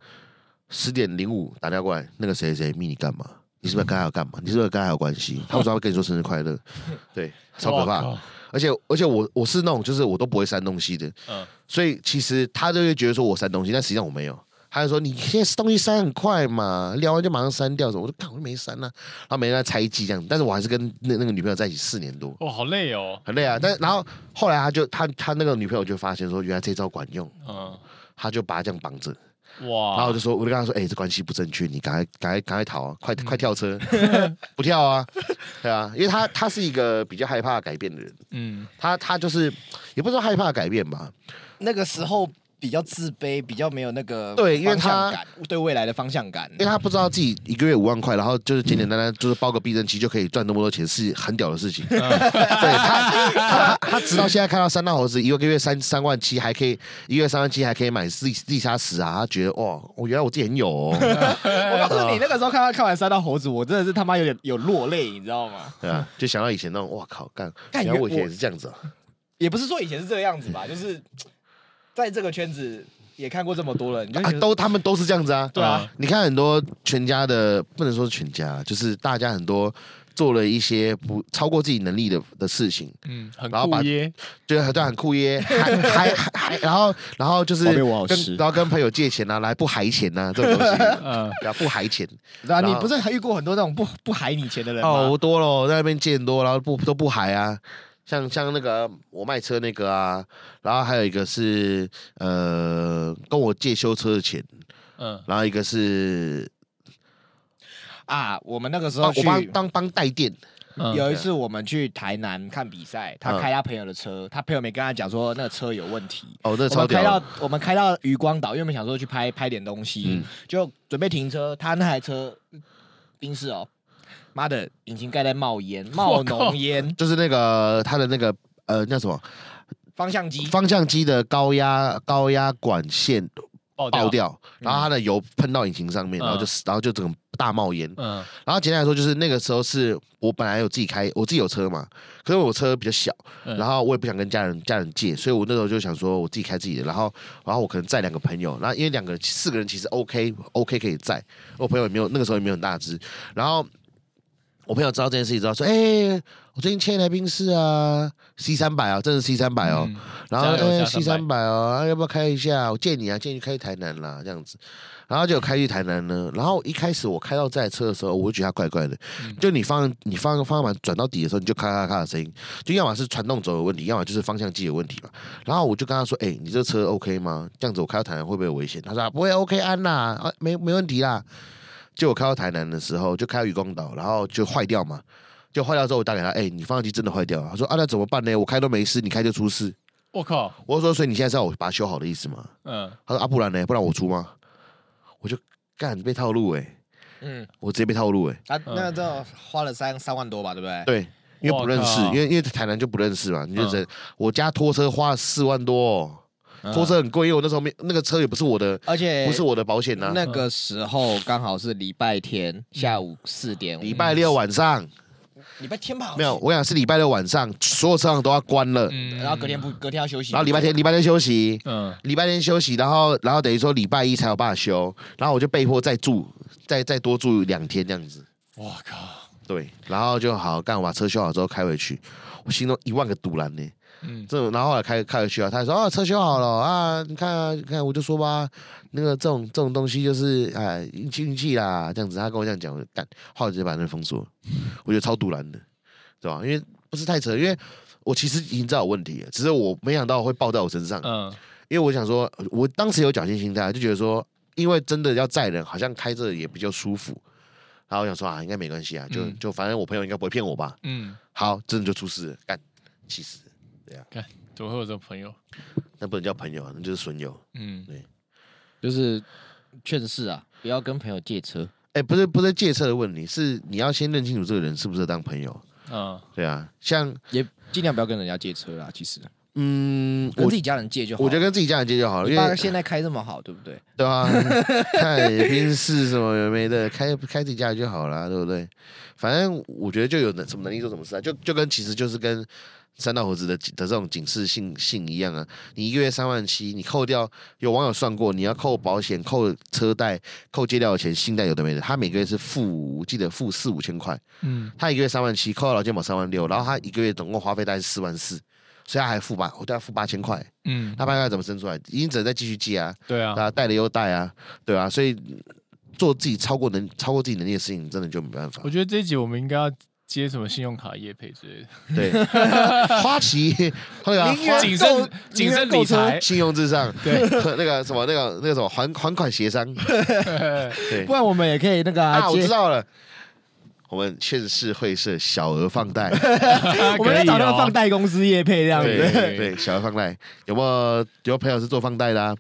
Speaker 2: 十點零五打電話過來，那個誰誰密你幹嘛？你是不是跟他有幹嘛？你是不是跟他有關係？他不知道會跟你說生日快樂， 對，超可怕。靠而且而且我我是那種就是我都不會刪東西的，嗯、所以其實他就會覺得說我刪東西，但實際上我沒有。他就說你現在東西刪很快嘛，聊完就馬上刪掉什麼，我說靠，我就沒刪呢、啊，他每天在猜忌這樣子，但是我還是跟那那個女朋友在一起四年多。
Speaker 1: 哦，好累哦，很
Speaker 2: 累啊。但然後後來他就他他那個女朋友就發現說，原來這招管用，嗯，他就把他這樣綁着。哇！然後我就說，我就跟他說，哎、欸，這關係不正確，你趕快趕快趕快逃、啊，嗯、快快跳車， 不跳啊？對啊，因為他他是一個比較害怕改變的人，嗯，他他就是也不是說害怕改變吧。那個時
Speaker 3: 候。比較自卑，比較沒有那個對，因為他對未來的方向感，
Speaker 2: 因為他不知道自己一個月五萬塊，嗯、然後就是簡簡單,單單就是包個避震器就可以賺那麼多錢，是很屌的事情。嗯、 對他,他，他直到現在看到山道猴子一個月三三萬七，還可以一個月三萬七還可以買四地下室啊，他覺得哇，我、哦、原來我自己很有、
Speaker 3: 哦。 我告訴你，那
Speaker 2: 個時候看到看完山道猴子，我
Speaker 3: 真的是他媽有點
Speaker 2: 有落淚，你知道嗎？對啊，就想到以前那種哇靠，幹然後我以前也是這樣子、
Speaker 3: 啊，也不是說以前是這個樣子吧，嗯、就是。在這個圈子也看過這麼多人，看、啊，都
Speaker 2: 他們都是這樣子啊。對啊，你看很多全家的，不能說全家，就是大家很多做了一些不超過自己能力的的事情，嗯，很酷耶，對，對，很酷耶， 還還還，然後然後就是跟要跟朋友借錢啊，來不還錢啊，這東西，嗯、 啊，不還錢。那 後你不是
Speaker 3: 還遇過很多那種不不還你錢的人？好、哦、
Speaker 2: 多咯，在那邊借很多，然後不都不還啊。像像那個、啊、我賣車那個啊，然後還有一個是呃，跟我借修車的錢，嗯，然後一個是啊，我們那個時候去幫幫幫帶電，有一次
Speaker 3: 我們去台南看比賽，嗯、他開他朋友的車，嗯、他朋友沒跟他講說那個車有問題哦，這車有問題，開到， 我，們開到我們開到漁光島，因為我們想說去拍拍點東西，嗯、就準備停車，他那台車冰室哦。媽的，Mother, 引擎蓋在冒煙，冒濃煙，
Speaker 2: 就是那個他的那個呃，叫什麼？方向機，方向機的高壓高壓管線爆掉，哦啊嗯、然後它的油噴到引擎上面，嗯、然後就然後就整個大冒煙。嗯，然後簡單來說，就是那個時候是我本來有自己開，我自己有車嘛，可是我車比較小，嗯、然後我也不想跟家人家人借，所以我那時候就想說我自己開自己的，然後然後我可能載兩個朋友，那因為兩個四個人其實 OK OK 可以載，我朋友也沒有那個時候也沒有很大隻，然後。我朋友知道這件事情之後說：“哎、欸，我最近欠一台賓士啊，C 三百啊，真的 C 三百哦，喔嗯、然後 C 三百哦，要不要開一下？我借你啊，建議開去台南啦，這樣子，然後就開去台南呢。然後一開始我開到這台車的時候，我會覺得它怪怪的，嗯、就你放你放個方向盤轉到底的時候，你就咔咔咔的聲音，就要麼是傳動軸有問題，要麼就是方向機有問題嘛。然後我就跟他說：哎、欸，你這車 OK 嗎？這樣子我開到台南會不會有危險？他說、啊、不會，OK 安啦，啊沒沒問題啦。”就我開到台南的時候，就開到漁光島，然後就壞掉嘛。就壞掉之後，我打給他，哎、欸，你發動機真的壞掉、啊？他說啊，那怎麼辦呢？我開都沒事，你開就出事。我靠！我就說，所以你現在是要我把它修好的意思嗎？嗯。他說啊，不然呢？不然我出嗎？我就幹，你被套路哎、欸。嗯。我直接被套路哎、
Speaker 3: 欸。啊，那個就花了三三萬多吧，對不對？
Speaker 2: 對，因為不認識，靠因為因為台南就不認識嘛。你認真，嗯、我家拖車花了四萬多。拖車很貴，因為我那時候沒那個車也不是我的，而且不是我的保險吶、啊。那個
Speaker 3: 時候剛好是禮
Speaker 2: 拜天、嗯、下午四點，禮拜六晚上。禮、嗯、拜天吧？沒有，我想是禮拜六晚上，所有車行都要關了。
Speaker 3: 嗯、然後隔天不隔天要休息。然後禮拜天禮拜天休息，嗯，
Speaker 2: 禮拜天休息，然後然後等於說禮拜一才有辦法休，然後我就被迫再住再再多住兩天這樣子。
Speaker 1: 哇靠，
Speaker 2: 對，然後就好剛好幹，我把車修好之後開回去，我心中一萬個賭爛呢，嗯，這，這然後後來開開回去啊，他說啊、哦、車修好了、哦、啊，你看啊你看啊，我就說吧，那個這種這種東西就是哎，運氣，運氣啦這樣子，他跟我這樣講，我就幹，後來直接把人封鎖，我覺得超賭爛的，對吧？因為不是太扯，因為我其實已經知道有問題了，只是我沒想到會爆在我身上。嗯，呃、因為我想說，我當時有僥倖心、心態，就覺得說，因為真的要載人，好像開着也比較舒服，然後我想說啊，應該沒關係啊，就、嗯、就反正我朋友應該不會騙我吧。嗯，好，真的就出事了，幹，氣死。
Speaker 1: 對呀、啊，看怎麼會有這種朋友？
Speaker 2: 那不能叫朋友，那就是損友。
Speaker 1: 嗯，
Speaker 2: 對，就是確實是啊，不要跟朋友借車。哎、欸，不是，不是借車的問題，是你要先認清楚這個人是不是當朋友。啊、嗯，對啊，像也盡量不要跟人家借車啦。其實。嗯，跟自己家人借就好。我覺得跟自己家人借就好了，因為
Speaker 3: 現在開這麼好，對不對？
Speaker 2: 呃、對啊，開 賓士什麼也沒的，開開自己家人就好了，對不對？反正我覺得就有能什麼能力做什麼事啊，就就跟其實就是跟山道猴子的的這種警示性性一樣啊。你一個月三萬七，你扣掉，有網友算過，你要扣保險、扣車貸、扣借掉的錢、信貸有的沒的，他每個月是負，我記得付四五千塊。嗯，他一個月三萬七，扣了勞健保三萬六，然後他一個月總共花費大概是四萬四。所以他還付八，我都要付八千塊。嗯，他八千塊怎麼生出來？已經只能再繼續借啊，對啊，貸了又貸啊，對啊，所以做自己超過能、超過自己能力的事情，真的就沒辦法。
Speaker 1: 我覺得這一集我們應該要接什麼信用卡業配之類的，對，花旗，那個謹慎、謹慎理財，信用
Speaker 2: 至上，對，那個什麼那個那個什麼還還款協商，對，不然
Speaker 3: 我們也可以那個啊，我知
Speaker 2: 道了。我們現世會是小額放貸，我們在找那個放貸公
Speaker 3: 司業配這樣子。對，對，
Speaker 2: 小額放貸有沒有有朋友是做放貸的？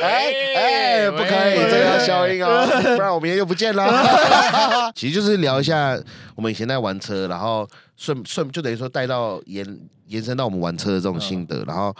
Speaker 4: 哎哎，
Speaker 2: 不可以，這個消音哦、喔，不然我們也又不見了。其實就是聊一下我們以前在玩車，然後順順就等於說帶到延延伸到我們玩車的這種心得，然後。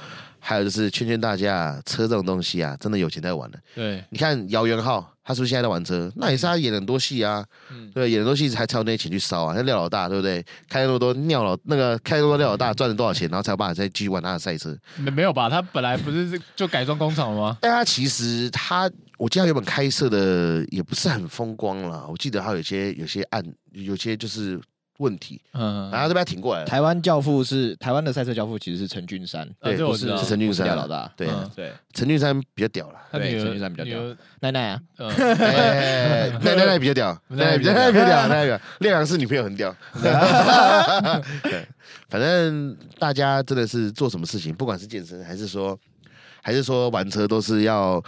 Speaker 2: 還有就是勸勸大家，車這種東西啊，真的有錢在玩的。對，你看姚元浩，他是不是現在在玩車？那也是他演很多戲啊，嗯、對，演很多戲還才有那些錢去燒啊。像廖老大，對不對？開那麼多廖老那個開那麼多廖老大，賺了多少錢，然後才有辦法再繼續玩他的賽車？
Speaker 1: 沒沒有吧？他本來不是就改裝工廠嗎？
Speaker 2: 但他其實他，我記得他原本開設的也不是很風光了。我記得他有些有些案，有些就是。問題，嗯，然後這邊挺過來了。台灣教父是台灣的賽車教父，其實是陳俊山，對，不是是陳俊山老大，對對，陳俊山比較屌了，對，陳俊山比較屌，奶奶啊，奶奶比較屌，奶奶比較屌，奶奶比較，烈陽是女朋友很屌，哈反正大家真的是做什麼事情，不管是健身還是說還是說玩車，都是要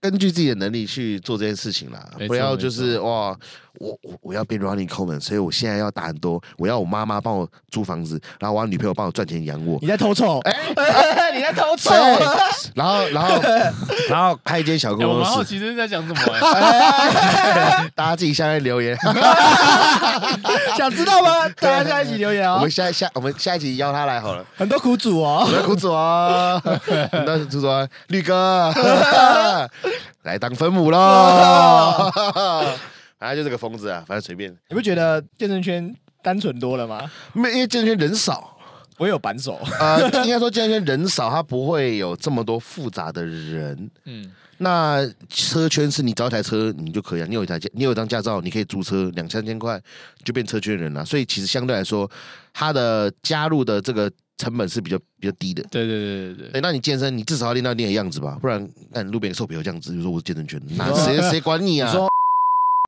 Speaker 2: 根據自己的能力去做這件事情啦，不要就是哇。我我要變 running 摳門，所以我現在要打很多，我要我媽媽幫我租房子，然後我要女朋友幫我賺錢養我。你在偷丑，哎，你在偷丑。然後然後然後開一間小公司。我們好
Speaker 1: 奇在講什麼？
Speaker 2: 大家自己下面留言，想知道嗎？大家在一起留言哦。我們下下我們下一集邀他來好了。很多苦主哦，苦主哦，很多苦主啊，綠哥來當分母囉。啊，就這個瘋子啊，反正隨便。
Speaker 3: 你不覺得健身圈單純多了嗎？沒，因為健身圈人少。我也有扳手。
Speaker 2: 呃， 應該說健身圈人少，他不會有這麼多複雜的人。嗯。那車圈是你找一台車，你就可以、啊。你有一台，你有一張駕照，你可以租車兩三千塊就變車圈人了。所以其實相對來說，它的加入的這個成本是比較比較低的。對對對對對、欸。那你健身，你至少要練到練的樣子吧，不然那你路邊臭皮猴這樣子，比如說我是健身圈，誰誰管你啊？你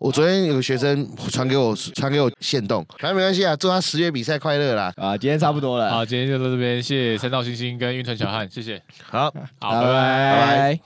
Speaker 2: 我昨天有個學生傳給我，傳給我限動，反正沒關係啊，祝他十月比賽快樂啦！啊，今天差不多了，好，好，今天就到這邊，謝謝山道
Speaker 1: 猩猩跟運存小漢，謝謝，好，好，拜拜，拜拜。拜拜。